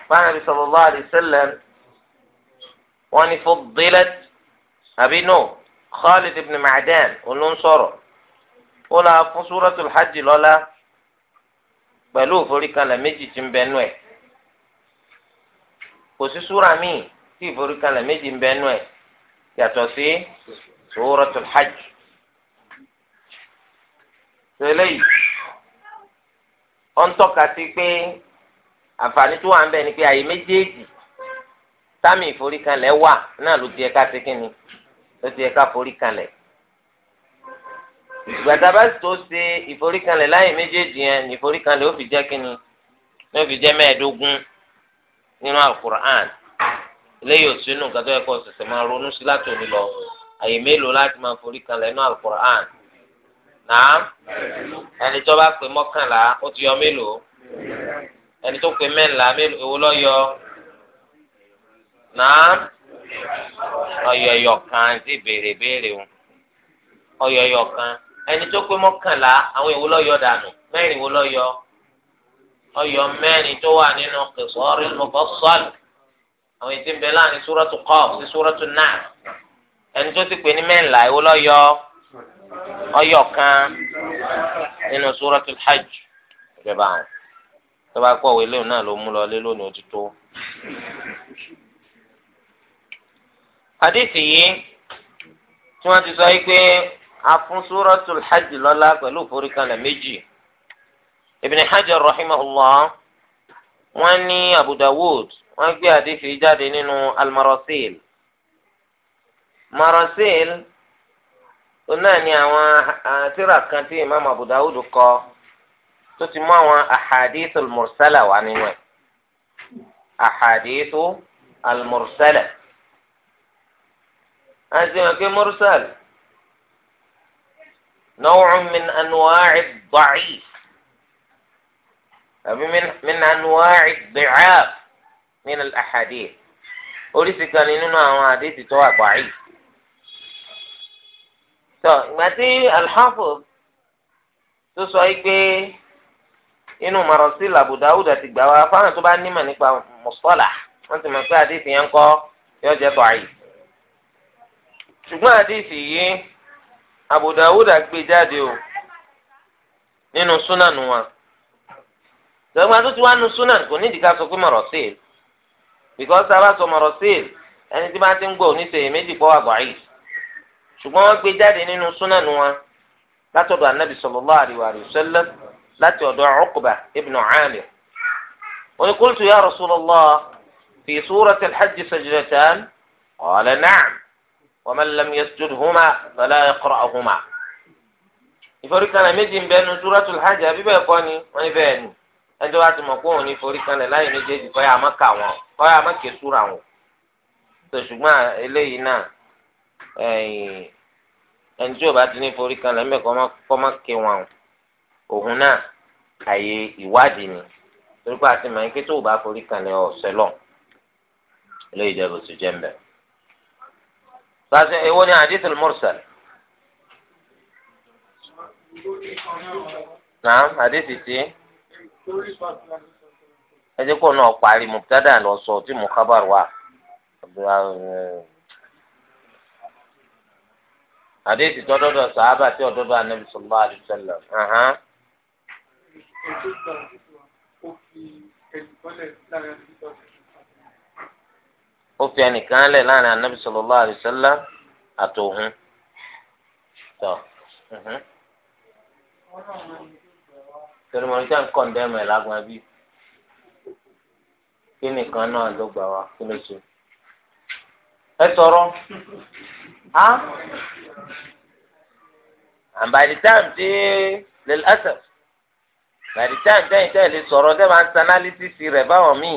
فالنبي صلى الله عليه وسلم واني فضلت أبي نو خالد بن معدان ولون صورة ولا في سورة الحج لولا pẹ̀lú ìforíkalẹ̀ méjì tí ń bẹ nú ẹ̀ kò sí súra míì tí ìforíkalẹ̀ méjì ń bẹ nú ẹ̀ yàtọ̀ sí suratul hajj tẹ́lẹ̀ yìí ó ń tọ́ka sí pé àǹfààní tó wà ń bẹ ni pé àyè méjèèjì sáàmì ìforíkalẹ̀ wà náà ló ti ẹ̀ka sí kínni ló ti ẹ̀ka foríkalẹ̀ ìgbàdá bá tó ṣe ìforíkanlẹ̀ láyè méjèèjì yẹn ní ìforíkanlẹ̀ ó fi jẹ́ kínní ní ó fi jẹ́ mẹ́ẹ̀ẹ́dógún nínú alukur'an eléyìí ò sínú nǹkan tó yẹ kó o ṣẹ̀ṣẹ̀ máa ronú sí láti òní lọ àyè mélòó láti máa foríkanlẹ̀ nínú alukur'an náà ẹni tó bá pè mọ́kànlá ó ti yọ mélòó ẹni tó pè mẹ́ńlá èwo ló yọ náà ọyọyọ kan ti béèrè béèrè o ọyọyọ kan ẹni tó pé mọ́kànlá àwọn èwo lọ́yọ̀ dànù mẹ́rin wo lọ́yọ̀ ọyọ̀ mẹ́rin tó wà nínú qisaril mufassal àwọn ètí ń bẹ láàrin suratu Qaf sí suratu Nas ẹni tó ti pè ní mẹ́ńlá èwo lọ́yọ̀ ọyọ̀ kan nínú suratul Hajj ìjọba àwọn tó bá pọ̀ wẹ́lẹ́ náà ló mú lọ lé lónìí òtítọ́. hadith yìí tí wọ́n ti sọ yìí pé afún suratul hajj lọ́lá pẹ̀lú ìforíkalẹ̀ méjì Ibn Hajar rahimahullah wọ́n ní Abu Dawud wọ́n gbé àdéhìí jáde nínú al-marasil marasil náà ni àwọn eh, tírà kan tí imam Abu Dawud kọ tó ti mú àwọn ahadith al wà nínú ẹ̀ ahadith al-mursala àti wọn pé mursal. نوع من أنواع الضعيف من من أنواع الضعاف من الأحاديث أوليس كان لنا أحاديث توا ضعيف تو ما تي الحافظ تسويك إنه مرسل أبو داود تقبوا فأنا تبع نما نقبى مصطلح أنت ما في حديث ينقى يوجد ضعيف شو ما حديث يي Abu Dawud gbé jáde o nínú súnánù wa gbẹ̀gbọ́n tó ti wá nu súnánù kò nídìí ká sọ pé mọ̀rọ̀ síl because tá a bá sọ mọ̀rọ̀ síl ẹni tí bá ti ń gbọ́ oníṣèyí méjì pọ̀ àgbà yìí ṣùgbọ́n wọ́n gbé jáde nínú súnánù wa látọ̀dọ̀ anabi sallallahu alaihi wa sallam láti ọ̀dọ̀ Uqba ibn Amir wa ya Rasulullah fi surati hajj sajdatan qala na'am. ومن لم يسجدهما فلا يقرأهما ìforí kanlẹ̀ méjì ń bẹnu suratul hajj àbí bẹ́ẹ̀ kọ́ ni wọ́n ní bẹ́ẹ̀ ni ẹjọ́ bá ti mọ̀ pé òun ní forí kanlẹ̀ láyé méjèèjì kọ́ yà má kà wọ́n kọ́ yà má ké súra wọn. tó ṣùgbọ́n eléyìí náà ẹni tí ò bá ti ní forí kanlẹ̀ ń bẹ̀ kọ́ má ké wọn òun náà àyè ìwádìí ni torí pé àti mọ̀ ẹ́ pé tó o bá forí kanlẹ̀ ọ̀sẹ̀ lọ eléyìí jẹ́ bó ti jẹ́ ń bẹ̀rẹ̀ pàṣẹ èwo ni hadithul mursal naam hadithi ti ẹ jẹ́ kó náà parí mubtada lọ sọ tí mo kábàrò wa hadithi tó dọ́dọ̀ sàábà tí ọ̀dọ́dọ̀ anabi sallallahu alaihi wasallam ó fi ẹ̀sùn kọ́lẹ̀ lára ẹ̀sùn kọ́lẹ̀ ó fi ẹnìkan lẹ̀ láàrin anabi sallallahu alaihi wasallam àtòhún tọ mhm. torí mo ní sẹ́ ń kọ́ ǹdẹ́ mọ̀ ẹ̀ lágbọ́n bí kí nìkan náà ló gbà wá kí ló ṣe ẹ sọ̀rọ̀ á and by the time tí lè lásẹ̀ by the time tẹ́yìn tẹ́yìn sọ̀rọ̀ tẹ́ máa ń sanálísìsì rẹ̀ báwọn míì.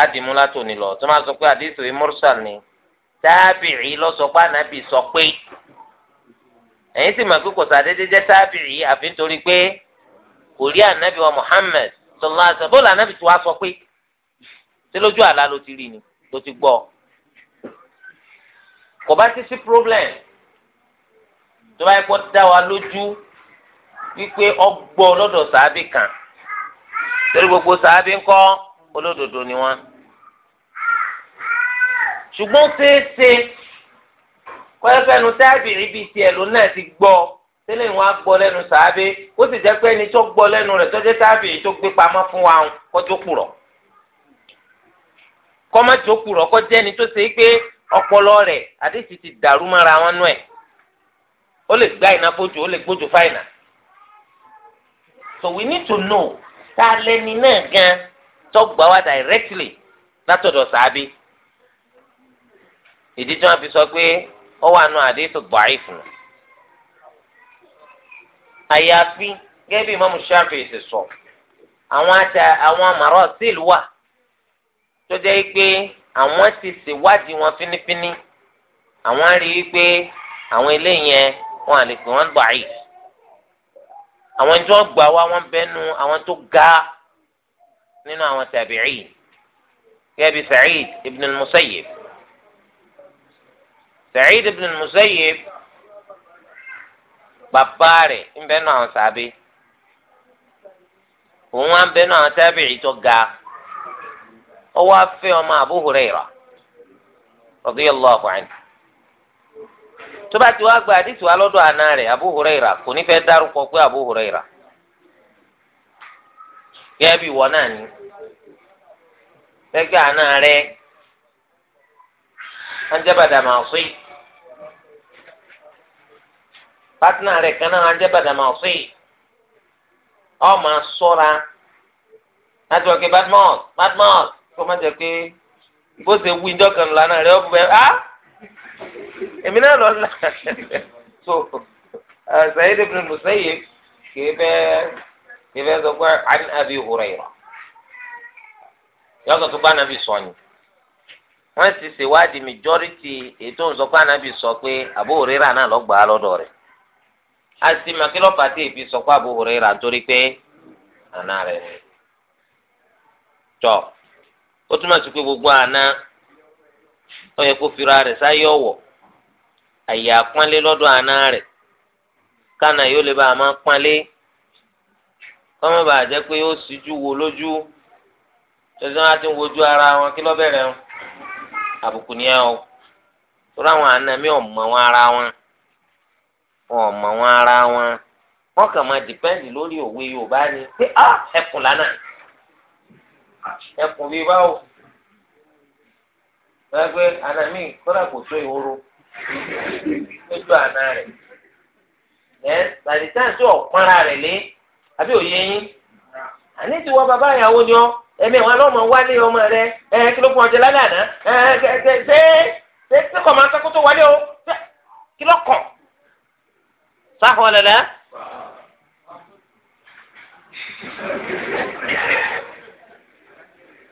kádìmú látòní lọ tó máa sọ pé àdìsí ni tábìrì lọ́sọ̀pá nàbì sọ pé ẹ̀yin sì mọ̀ pé sàdédé jẹ́ tábìrì àfi nítorí pé kò rí ànábì wa ànábì sọ pé ṣé lójú àlá ló ti rí ni ló ti gbọ́ kò bá ti sí problem gbogbo sàábì ńkọ́ olódodo ni ṣùgbọ́n ṣeéṣe kọ́lẹ́fẹ́nu tábìrì bíi tiẹ̀ ló náà ti gbọ́ tẹ́lẹ̀ wọn á gbọ́ lẹ́nu sàábé ó sì jẹ́ pé ẹni tó gbọ́ lẹ́nu rẹ̀ tọ́jú tábìrì tó gbé pamọ́ fún wa kọ́jọ́ kùrọ̀ kọ́mọ́jọ́ kùrọ̀ kọ́jẹ́ ẹni tó ṣe é pé ọpọlọ rẹ̀ àdéhùn ti dàrú mọ́ra wọn nú ẹ̀ ó lè gbá iná fojú ó lè gbójú fáìnà so we need to know tá a lẹ́ni náà gan tó gbà wá directly látọ̀dọ̀ sàábé ìdí tí wọn fi sọ pé ó wà nù àdéhùn bàáìfù àyàfi gẹ́gẹ́ bí mọ́mú ṣáfìí ti sọ àwọn àtà àwọn àmàrọ̀ sílù wà tó jẹ́ pé àwọn ti ṣèwádìí wọn fínífíní àwọn rí i pé àwọn eléyẹn wọn à lè pè wọn bàáìfù àwọn tí wọn gbà wá wọn bẹnu àwọn tó ga nínú àwọn tàbíì gẹ́gẹ́ bí Sa'id ibn al-Musayyib. Sa'id ibn al-Musayyib bàbá rẹ̀ ń bẹ náà sàbí òun wá ń bẹ náà tábìrì tó ga ó wá fẹ́ ọmọ tó bá ti wá gba àdìsí wa lọ́dọ̀ àna rẹ̀ Abu Hurairah Abu pátínà rẹ̀ kan náà wọ́n á jẹ́ Badamasi ọ máa sọ́ra láti wọ́n ké Badmus Badmus kó má jẹ́ pé bó ṣe wí dọ́kan lánà rẹ̀ ó bẹ̀ á ah! èmi náà lọ là so uh, Sa'id ibn Musayyib kìí bẹ́ẹ̀ kìí bẹ́ẹ̀ sọ pé an Abi Hurairah yọ̀ọ́sọ̀ tó bá nàbì sọ ni wọ́n ti ṣèwádìí majority ètò ìsọ̀kọ́ ànábì sọ pé Abu Hurairah náà lọ́gbàá lọ́dọ̀ rẹ̀ asi kilo tí èfi sọkọ Abu Hurairah torí pé àná rẹ̀ ni tọ ó túmọ̀ sí pé gbogbo àná ó yẹ kó fira rẹ̀ sáyé ọ̀wọ̀ àyè àpọ́nlé lọ́dọ̀ àná rẹ̀ kánà yóò lè bá a máa pọ́nlé kọ́mọ́ bàa jẹ́ pé ó síjú wo lójú tẹ̀sán á wojú ara wọn kí lọ́bẹ̀rẹ̀ wọn àbùkù ni ẹ o tó ráwọn àna mi ò mọ̀ wọn ara wọn. wọn wọn ara wọn wọn kàn máa lórí òwe yorùbá ni pé á ẹkùn lánàá ẹkùn bíi báwo wọ́n gbé anami kò tó ìhoro lójú àná rẹ̀ ẹ́ ọ̀pọ̀nra rẹ̀ lé àbí òye yín àní bàbá ìyàwó ni ọ wálé ọmọ rẹ ẹ̀ kí ló kún ọjọ́ lálẹ́ àná ẹ̀ ṣe ṣe é kọ̀ máa ń صح ولا لا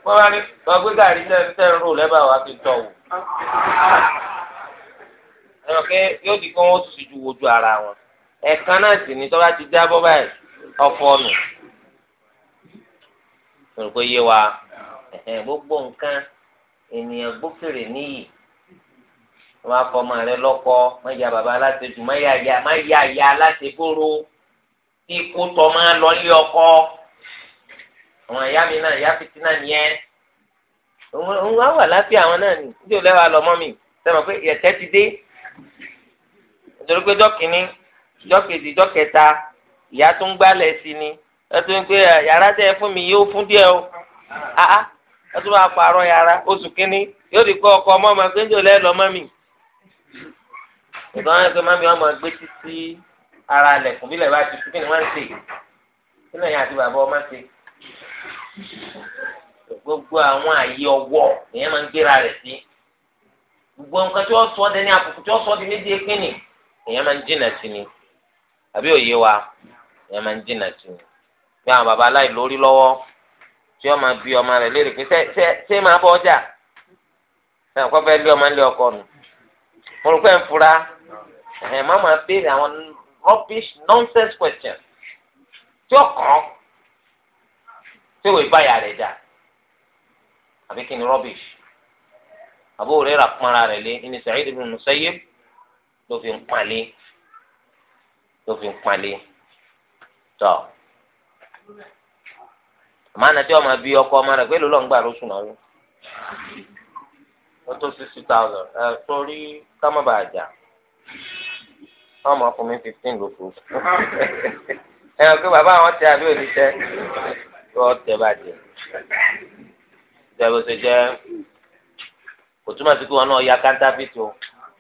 wọ́n bá ní ọgbẹ́ gàrí tẹ́ ń rò lẹ́bàá wa fi di kí wọ́n tún ju wojú ni tọ́ba ti jábọ́ báyìí ọ̀fọ̀ nù. wa gbogbo nǹkan ènìyàn gbófèrè níyì wọn bá fọmọ rẹ lọ́kọ má ya bàbá aláṣejù má ya ya má ya ya aláṣegbòrò kí kó tọ́ máa lọ lé ọkọ àwọn ìyá mi náà ìyá fìtínà nìyẹn òun wá wà láfíà àwọn náà ni níbi ò lẹ́wà lọ́mọ́ mi sẹ́wọ̀n pé ẹ̀tẹ́ ti dé nítorí pé jọ́kìnní jọ́kejì jọ́kẹta ìyá tó ń gbálẹ̀ sí ni ẹ tó ń pé yàrá tẹ́ ẹ fún mi yóò fún díẹ̀ o àá ẹ tó bá pààrọ̀ yàrá oṣù kínní yóò di kọ́ ọkọ ọmọ ọmọ pé níbi lọ́mọ́ mi ìgbà wọn pé mami wọn máa gbé títí ara lẹ̀kùn bílẹ̀ bá ti kí ni wọ́n ṣe kí ni àti bàbá ọmọ ṣe gbogbo àwọn àyè ọwọ́ èèyàn máa ń gbéra rẹ sí gbogbo nǹkan tí wọ́n sọ ọ́ dẹni àbùkù tí sọ méjì pín èèyàn máa ń jìnà sí ni àbí òye wa èèyàn máa ń jìnà sí ni bí àwọn mo rò pé ń fura ẹ̀ má máa béèrè àwọn rubbish nonsense questions tí ó kàn tí òwe báyà rẹ̀ dà àbí kí ni rubbish Abu Hurairah pọ́nra rẹ̀ lé ní Sa'id ibn Musayyib ló fi ń pàlé ló fi ń pàlé tọ́ àmọ́ àná tí wọ́n máa bí ọkọ ọmọ rẹ̀ pé ló lọ́n gbà lóṣù náà lọ ó tó sixty thousand ẹ sórí kámọ́bàjà ọmọ ọkùnrin fifteen ló fò ẹ ọ pé bàbá àwọn tẹ àbí òní tẹ ọ tẹ bàjẹ́ ìjọba ṣe jẹ́ kò túmọ̀ sí pé wọn náà ya kántá fi tó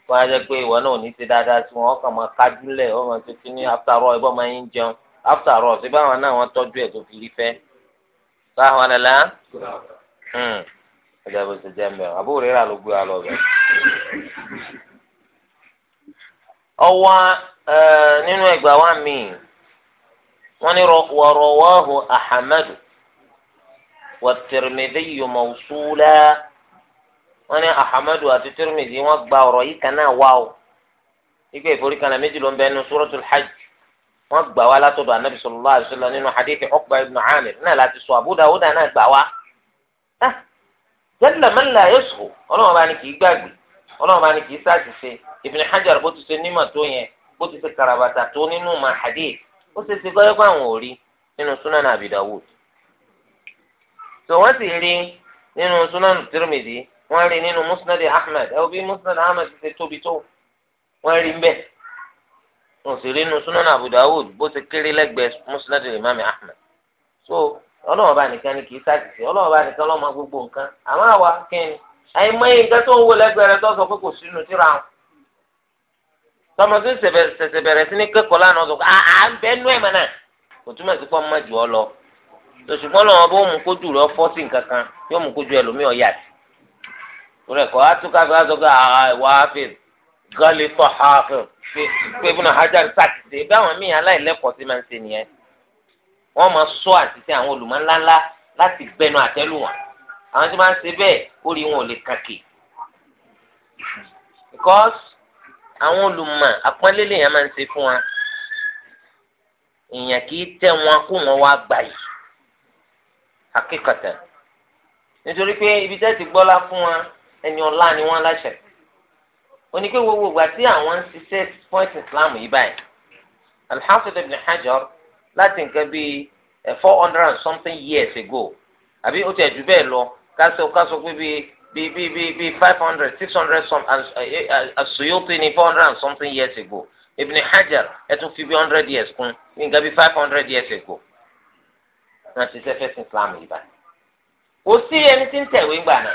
wọn á jẹ́ pé ìwọ náà ò ní ti dáadáa sí wọn ọkàn máa kájúlẹ̀ ọmọ tó ti ní after all ẹbọ máa ń jẹun after all ṣé báwọn náà wọn tọ́jú ẹ̀ tó fi rí fẹ́ báwọn náà lá ọjà bó ti jẹ́ mẹ́rin àbúrò rírà ló gbé wa lọ bẹ̀. ọwọ́ nínú ẹgbàá wa míì wọ́n ní wọ́rọ̀wọ́hù ahmadu wà tìrìmìdì mọ̀súlá wọ́n ní ahmadu àti tìrìmìdì wọ́n gba ọ̀rọ̀ yìí kan náà wá o ìgbà ìforíkanlá méjì ló ń bẹ nínú suratul hajj wọ́n gbà wá látọ̀dọ̀ anabi sallallahu alaihi wasallam nínú hadith Uqba ibn Amir náà láti sọ Abu Dawud náà gbà jalla man la yashu ọlọ́run bá ní kì í gbàgbé ọlọ́run bá ní kì í ṣàṣìṣe Ibn Hajar bó ti ṣe nímọ̀ tó yẹn bó ti ṣe karabata tó nínú ma hadith ó ti ṣe gbọ́dọ̀ pé àwọn ò rí nínú sunan Abi tó wọ́n sì rí nínú sunan Tirmidhi wọ́n rí nínú Musnad Ahmad ẹ̀ bí Musnad Ahmad ṣe tóbi tó wọ́n rí ń bẹ̀ sì rí nínú sunan Abu bó ti kéré lẹ́gbẹ̀ẹ́ Musnad Imam Ahmad ọlọ́run ọba nìkan ni kìí ṣàṣìṣe ọlọ́run ọba nìkan lọ́mọ gbogbo nǹkan àmọ́ àwa kẹ́ni àìmọye nǹkan tó ń wo lẹ́gbẹ̀ẹ́ rẹ tó sọ pé kò sínú síra wọn. tọmọ tó ṣẹ̀ṣẹ̀ bẹ̀rẹ̀ sí ní lánàá nú ọ lọ. lọ́wọ́ bó mú fọ́ sí nǹkan kan yóò mú wọ́n máa sọ àtìsí àwọn olùmọ̀ ńláńlá láti gbẹnu àtẹ́lù wọn àwọn tí wọ́n máa ń ṣe bẹ́ẹ̀ orí wọn ò lè kàkè because àwọn olùmọ̀ àpọ́nlélé yẹn máa ń ṣe fún wa èèyàn kì í tẹ́ wọn kó wọn wá gbà yìí akẹ́kọ̀tà nítorí pé ibi tẹ́ ti gbọ́lá fún wa ẹni ọlá ni wọ́n láṣẹ oníkéwòwò gbà tí àwọn ń ṣiṣẹ́ fún ẹ̀sìn Islam yìí báyìí Al-Hafiz Ibn Hajar láti nǹkan bíi eh, four hundred and something years ago àbí ó ti ẹ̀jú bẹ́ẹ̀ lọ kásọ kásọ pé bíi bíi bíi bíi bíi five hundred six hundred some as-Suyuti eh, ni four hundred and something years ago Ibn Hajar ẹ tún fi bíi hundred years kún ní nǹkan bíi five hundred years ago wọn ti ṣe fẹsẹ̀ Islam yìí báyìí kò sí ẹni tí ń tẹ̀wé ńgbà náà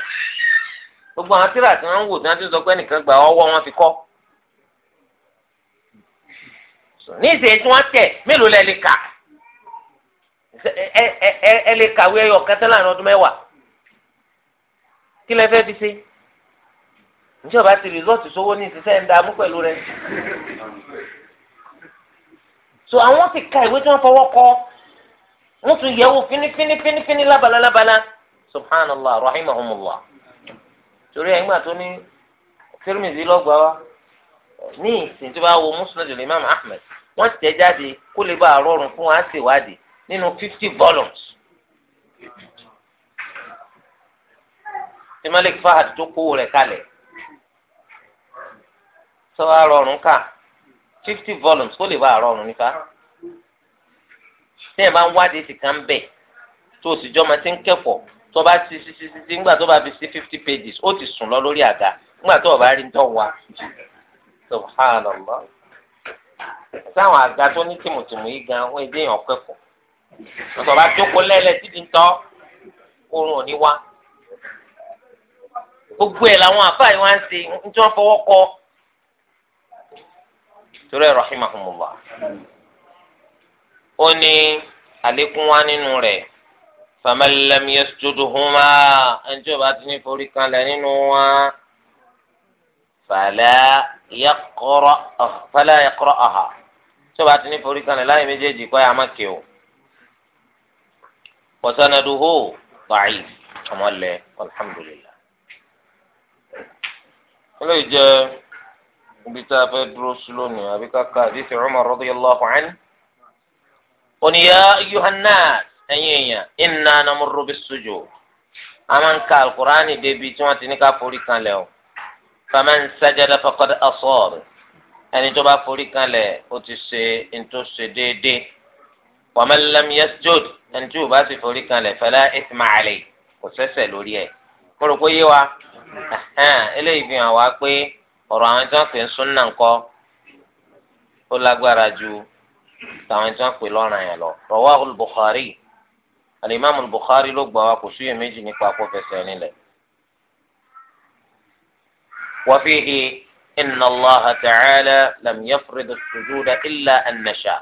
gbogbo àwọn tíra tí wọn ń wò tí wọn ti sọ pé nìkan gbà ọwọ́ wọn fi kọ́ ní ìsèyí tí wọ́n tẹ̀ mélòó lẹ́ lè kà ẹ ẹ ẹ lè kàwé ẹyọ kẹtẹ láàrin ọdún mẹ́wàá kí lẹ fẹ́ fi ṣe njẹ́ ọba ti rìsọ́ọ̀tì sówó ní ìsinsẹ́ ń dààmú pẹ̀lú rẹ so àwọn ti ka ìwé tí wọ́n fọwọ́ kọ wọ́n tún yẹ̀wò fínífíní fínífíní lábala lábala subhanallah rahimahumullah torí ẹ̀ ńgbà tó ní Tirmidhi lọ́gbàá wa ní ìsìn tó bá wo Musnad al-Imam Ahmad wọ́n tẹ̀ jáde kó lè bá a rọrùn fún wa á ṣèwádìí nínú fifty volumes. tí Malik Fahad tó kó rẹ̀ kalẹ̀ sọ wá rọrùn ká fifty volumes kó lè bá a rọrùn nípa. tí ẹ bá ń wádìí sì kan bẹ̀ tó o sì jọ́mọ tí ń kẹ́kọ̀ọ́ tó bá ti ti ti ti ti ńgbà tó bá fi sí fifty pages ó ti sùn lọ lórí àga ńgbà tó o bá rí ń tọ́ wa subhanallah sáwọn àga tó ní tìmùtìmù yìí gan wọn èdè èèyàn kẹ́kọ̀ọ́ tọ́tọ̀ bá jókòó lẹ́lẹ̀ síbi ń tọ́ oorun ò ní wá gbogbo ẹ̀ làwọn àbá yìí wá ń ṣe ń tí wọ́n fọwọ́ kọ́ torí ẹ̀ rahimahumullah ó ní àlékún wá nínú rẹ̀ famallam yasjudhuma ẹnjọ́ bá ti ní forí kanlẹ̀ nínú wa fala yaqra'aha fala yaqra'aha tí wọ́n bá ti ní forí kanlẹ̀ láyé méjèèjì kọ́ ẹ̀ àmàkè o. وسنده ضعيف كما لا والحمد لله ولا جاء بتافة دروس لوني أبي كاكا حديث عمر رضي الله عنه قل يا أيها الناس أيها إنا نمر بالسجود أمن كالقرآن دي بيتواتي نكا فوري كان له فمن سجد فقد أصاب أن يعني جبا فوري كان له وتسي انتو سي دي دي wa man lam yasjud ẹni tí o bá ti forí kanlẹ̀ fala ithma alayhi kò sẹ́ṣẹ̀ lórí ẹ̀ mo rò pé yé wa eléyìí fi hàn wá pé ọ̀rọ̀ àwọn tí wọ́n pè ń súnà ńkọ́ ó lágbára ju tàwọn tí wọ́n pè lọ́ràn yẹn lọ rawahu al-Bukhari al ló gbà wá kò síyè méjì nípa kó fẹsẹ̀ nílẹ̀ wa fihi inna Allah ta'ala lam yafrid as-sujud illa an nasha'.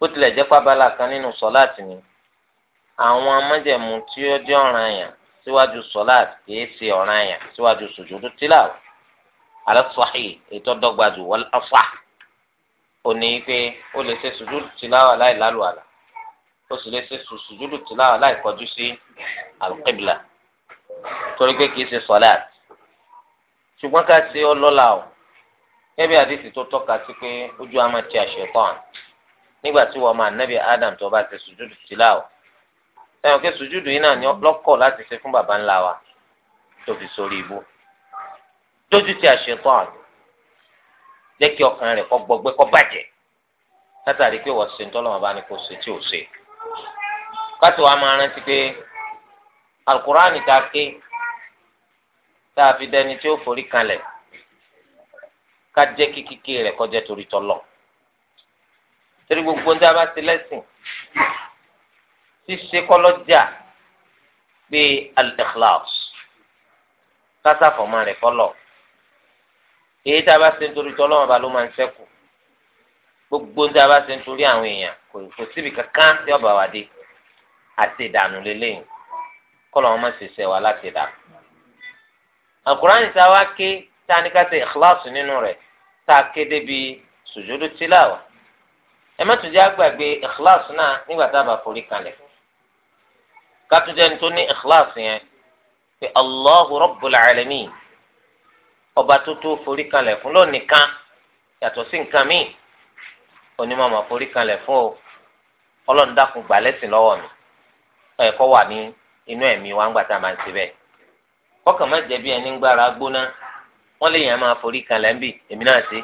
bó tilẹ̀ jẹ́ pábala kan nínú sọ́láàtì ni àwọn amájẹ̀mú tí ó jẹ́ ọ̀ràn àyàn síwájú sọ́láàtì kìí ṣe ọ̀ràn àyàn síwájú sùjúdù tíláwà alásùwáhì ètò ọ̀dọ́gbàdù wọlé ọ̀fà ò ní pé ó lè ṣe sùjúdù tíláwà láì lálùwàlà ó sì lè ṣe sùjúdù tíláwà láì kọjú sí alùkébìlà torí pé kìí ṣe sọ́láàtì ṣùgbọ́n ká ṣe ọlọ́lá o ẹbí àdìsí tó tọ́ka sí pé ojú àmọ́ ti àṣẹ pọ́n nígbà tí wọ́n máa nábì Adam tó bá ti sùjúdù sílá o sẹ́wọ̀n kí sùjúdù yìí náà ni lọ́kọ̀ láti ṣe fún baba ńlá wa tó fi sórí ibú dójú ti àṣetọ́ àná jẹ́ kí ọkàn rẹ̀ kọ́ gbọgbẹ́ kọ́ bàjẹ́ látàrí pé wọ́n ṣe ń tọ́lọ́mọ bá ní kó ṣe tí ò ṣe káti wàá máa rántí pé alukurani ta ké tá a fi dẹni tí ó forí kalẹ̀ ká jẹ́ kí kíké rẹ̀ kọjá torí tọ́lọ́mọ torí gbogbo ní a bá ti lẹ́sìn ṣíṣe kọlọ́jà pé al-ikhlas kásàfọ̀mọ́ rẹ̀ fọlọ́ èyí tá a bá ṣe nítorí tọ́lọ́ ọba ló máa ń ṣẹ́kù gbogbo ní a bá ṣe nítorí àwọn èèyàn kò kò síbi kankan tí ọba wa dé àti ìdànù lélẹ́yìn kọ́lọ́ wọn má ṣe ṣe láti dà. àkùránì tá a ké tá a ní ká ṣe ikhlas nínú rẹ̀ tá a ké débi sùjúdù tilawa ẹ má tún jẹ́ àgbàgbé ikhlas náà nígbà tá a bá forí kalẹ̀ ká tún jẹ́ ní tó ní ikhlas yẹn pé allahu rabbul alamin ọba tó tó forí kalẹ̀ fún lónìkan yàtọ̀ sí nǹkan míì onímọ̀ mà forí kalẹ̀ fún o ọlọ́run dákun gbà lẹ́sìn lọ́wọ́ mi ẹ̀kọ́ wà ní inú ẹ̀mí wa ńgbà tá a máa ń ṣe bẹ́ẹ̀ kọ́kàn má jẹ́ ẹni gbára gbóná wọ́n lè yàn máa forí kalẹ̀ ń èmi náà ṣe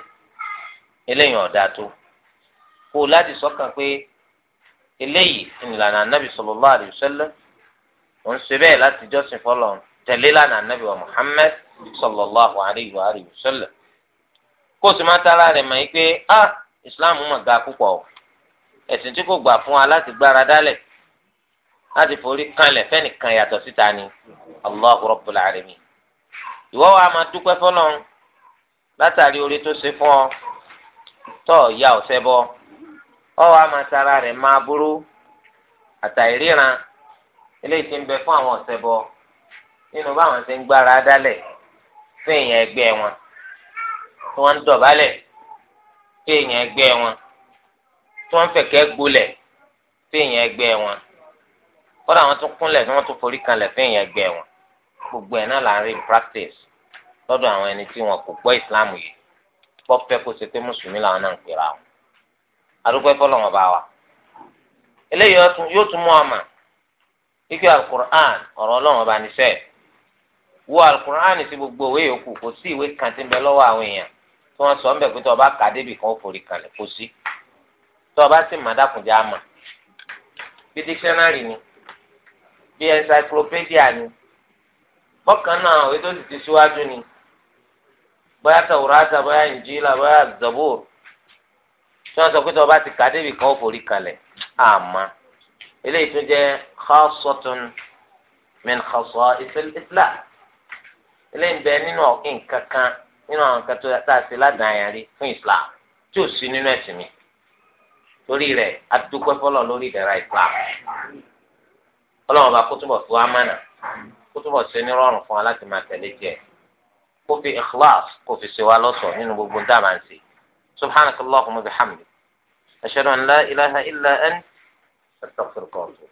eléyìí ọ̀dà tó. kó o láti sọ́kàn pé eléyìí ìlànà anabi sallallahu alaihi wasallam òun ṣe bẹ́ẹ̀ láti jọ́sìn tẹ̀lé lánàá anabi wa Muhammad sallallahu alaihi wa kó o sì máa tara rẹ̀ mọ̀ yìí pé ah islam mọ̀ ga púpọ̀ ẹ̀sìn tí kò gbà fún wa láti gbára dálẹ̀ láti forí kanlẹ̀ fẹ́nìkan yàtọ̀ síta ni allahu rabbul alamin ìwọ wa máa dúpẹ́ látàrí tó ṣe fún ọ tọ́ ọ ọ̀sẹ́ ọwọ́ amatara rẹ̀ máa burú àtàìríran eléyìí ti ń bẹ fún àwọn ọ̀sẹ̀ bọ nínú báwọn ṣe ń gbára dálẹ̀ fún èèyàn ẹgbẹ́ wọn tí wọ́n ń dọ̀bálẹ̀ fún èèyàn ẹgbẹ́ wọn tí wọ́n ń fẹ̀kẹ́ gbolẹ̀ fún èèyàn ẹgbẹ́ wọn kódà wọ́n tún kúnlẹ̀ tí wọ́n tún forí kanlẹ̀ fún èèyàn ẹgbẹ́ wọn gbogbo ẹ̀ náà là ń rí practice lọ́dọ̀ àwọn ẹni tí wọn kò gbọ́ ìsìláàmù yìí bọ́ fẹ́ kó ṣe pé mùsùlùmí làwọn náà ń pera wọn àdúgbò ẹfọlọmọ bá wa eléyìí yóò tún mú ọmọ ike alukur'an ọ̀rọ̀ Ọlọ́run ọba níṣẹ́ wo alukur'an sí gbogbo òwe yòókù kò sí ìwé kan tí ń bẹ lọ́wọ́ àwọn èèyàn tí wọ́n sọ ń bẹ pé tí ọba kà débì kan ó forí kalẹ̀ kò sí tí ọba sì má dákùnjá mà bí dictionary ni bí encyclopedia ni bọ́kàn náà òwe tó sì ti síwájú ni bóyá tàwùrọ̀ àtàbọ̀yá ìnjílà bóyá zabur tí wọ́n sọ pé tí wọ́n bá ti kà débi kan ó forí kalẹ̀ àmọ́ eléyìí tún jẹ́ khasatun min khasa'is al-islam eléyìí bẹ nínú nǹkan kan nínú àwọn nǹkan tó tá a ṣe ládàáyà rí fún islam tí ò sí nínú ẹ̀sìn mi torí rẹ̀ adúpẹ́ fọlọ́ lórí ìdára islam ọlọ́run bá kó túbọ̀ fún amánà kó túbọ̀ ṣe ní rọrùn fún wa láti máa tẹ̀lé jẹ kó fi ikhlas kó fi ṣe wá lọ́ṣọ̀ọ́ nínú gbogbo dábàá ń ṣe. سبحانك اللهم وبحمدك أشهد أن لا إله إلا أنت أستغفرك الله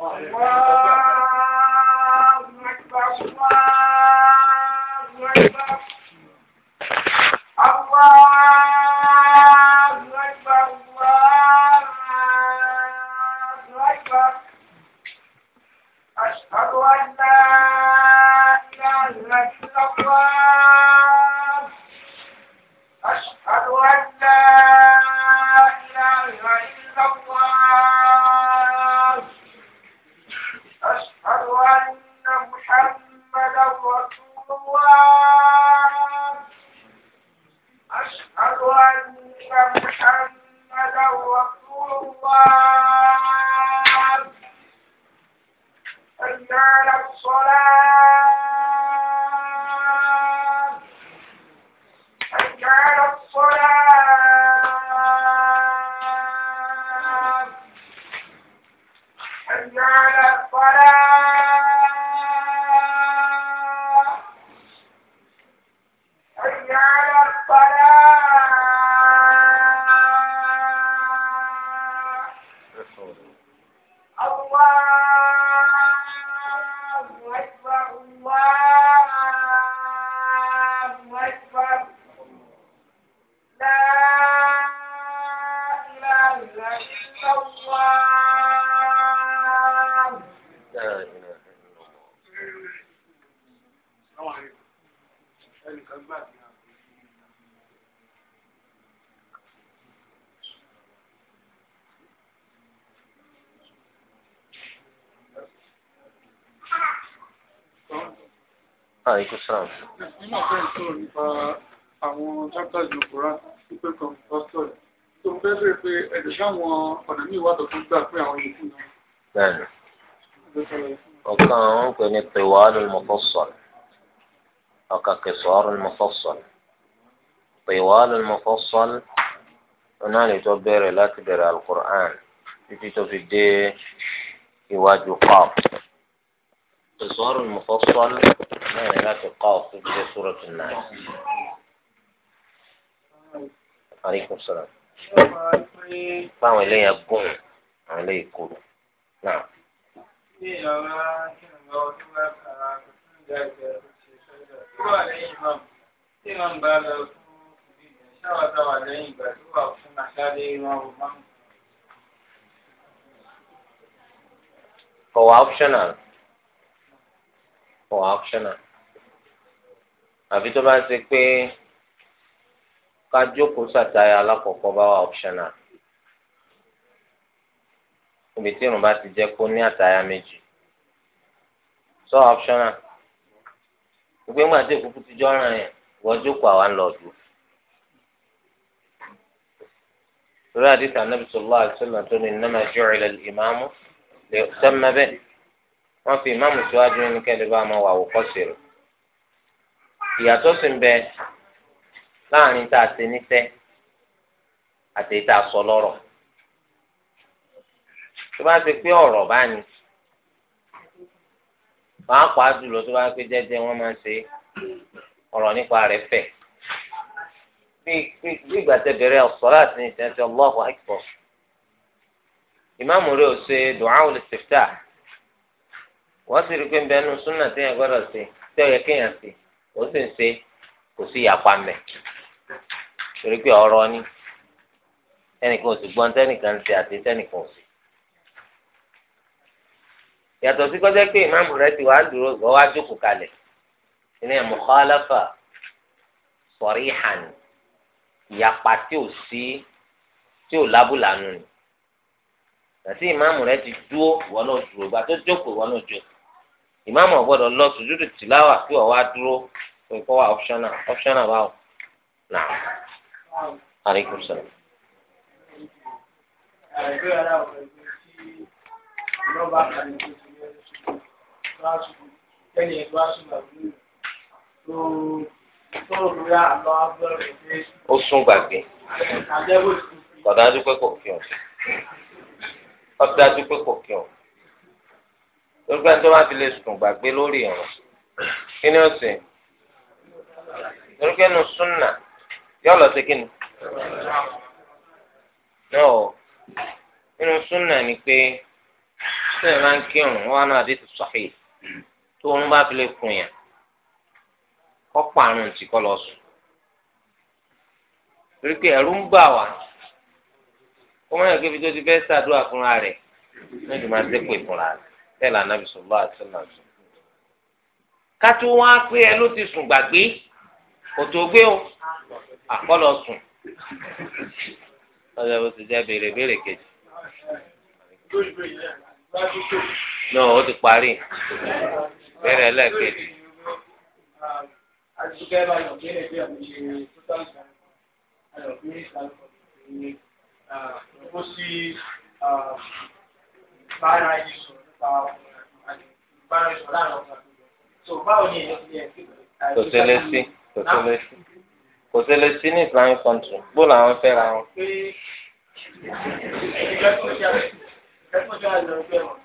الله أكبر الله أكبر عليكم السلام أنا ممكن الطوال المفصل أو قصار المفصل طوال المفصل أنا لتبير لا تبير القرآن في تفدي يواجه قاب قصار المفصل مين لاتو قاف في سورة النعيم عليكم السلام السلام عليكم عليكم نعم هو اوبشنال هو اوبشنال àfi tó bá ṣe pé ká jókòó sàtáyà alákọ̀ọ́kọ́ bá wà optional ibi tí irun bá ti jẹ́ kó ní àtàyà méjì sọ optional gbogbo ìgbà tí òkúkú ti jọ́ràn yẹn wọ́n jókòó àwa ń lọ dùn. torí àdìsí anábì sọlá àṣìlá tó ní nàmà jọ́ọ̀lẹ̀ ìmáàmù lè sẹ́mẹ́bẹ̀ wọ́n fi ìmáàmù síwájú nínú kẹ́lẹ́ bá máa wà ìyàtọ̀ sì ń bẹ láàrin tá a ṣe níṣẹ́ àti tá a sọ lọ́rọ̀ tó bá ṣe pé ọ̀rọ̀ bá pàápàá jùlọ tó bá pé jẹ́jẹ́ wọ́n máa ń ṣe ọ̀rọ̀ nípa rẹ̀ fẹ̀ bí ìgbà tẹ bẹ̀rẹ̀ ọ̀sọ́lá àti ìṣẹ́ ṣe Allahu Akbar ìmáàmù rẹ̀ ò ṣe wọ́n sì rí pé ń bẹnu súnà gbọ́dọ̀ ó sì ń ṣe kò sí ìyapa mẹ́ torí pé ọ̀rọ̀ ni ẹnìkan ò sì gbọ́n tẹ́nìkan ṣe àti tẹ́nìkan ò sì. yàtọ̀ sí kọ́jẹ́ pé ìmáàmù rẹ ti wá dúró ìwọ́ wá jókòó kalẹ̀ ilé ẹ̀ mukhalafa sarihan ìyapa tí ò sí tí ò lábùlànù ni àti ìmáàmù rẹ ti dúró ìwọ náà dúró gbà tó jókòó ìwọ náà jókòó ìmáàmù ọ̀gbọ́dọ̀ lọ sùjúdù tìláwà kí wọ́n wá dúró nǹkan wà ọ̀pṣánà ọ̀pṣánà báwò náà àríkù sọ̀rọ̀. ó sún gbàgbé kọ̀dájú pé kò kí ọ̀ kọ̀dájú pé kò kí ọ̀ gbogbo ẹni tó bá fi lè sùn gbàgbé lórí ìrùn kí ni ó sì torí pé nu súnà yóò lọ sí kí ni náà nínú súnà ni pé sẹ́yìn máa ń kírun wọn náà àdé ti sọ̀hìn tó ń bá fi lè kun yàn kọ́ pààrùn tí kọ́ lọ sùn torí pé ẹ̀rù ń bà wá ó mọ̀ yàn kébi tó ti fẹ́ ṣàdúrà fúnra rẹ̀ ní ìdùnnú àti ẹ̀kọ́ ìfúnra rẹ̀ tẹ́lẹ̀ anabi sọlá àti nàṣọ. kátó wọn á pé ẹ ló ti sùn gbàgbé kò tó gbé o àkọlọ sùn. ọjọ́ bó ti jẹ́ béèrè béèrè kejì. náà ó ti parí béèrè lẹ́ẹ̀kejì. Ó sì bára yìí sùn kò ṣẹlẹ̀ sí kò ṣẹlẹ̀ sí kò ṣẹlẹ̀ sí ní Islamic country bó làwọn fẹ́ ra wọn.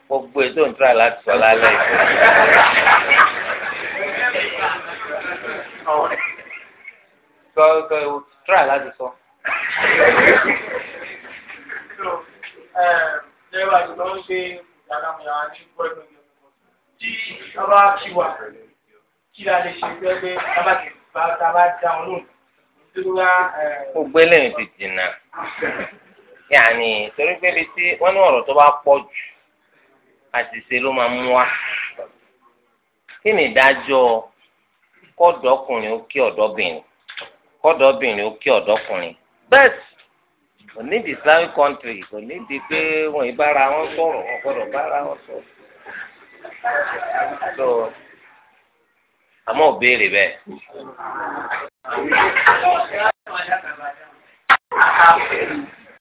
gbogbo ètò ń tura láti sọ lálẹ́ yìí. sọ sọ tura láti sọ um, ṣe wà ló ń ṣe yàrá mi àwọn ní kó ẹgbẹ́ mi tí ọba kí wà kí la lè ṣe pé pé bàbá bá bàbá dá wọn lóhùn tí ó bá. gbogbo ti dìnnà yàní torí pé tí wọn ní ọ̀rọ̀ tó bá pọ̀ jù àṣìṣe ló máa mú wa kí ni ìdájọ́ kọ́dọ̀ọ́kùnrin ó kí ọ̀dọ́bìnrin kọ́dọ̀ọ́bìnrin ó kí ọ̀dọ́kùnrin bẹ́ẹ̀ sì kò ní di islamic country kò ní di pé wọn ì bára wọn sọ̀rọ̀ wọn gbọ́dọ̀ bára wọn sọ̀rọ̀ so àmọ́ ò béèrè bẹ́ẹ̀. Thank you.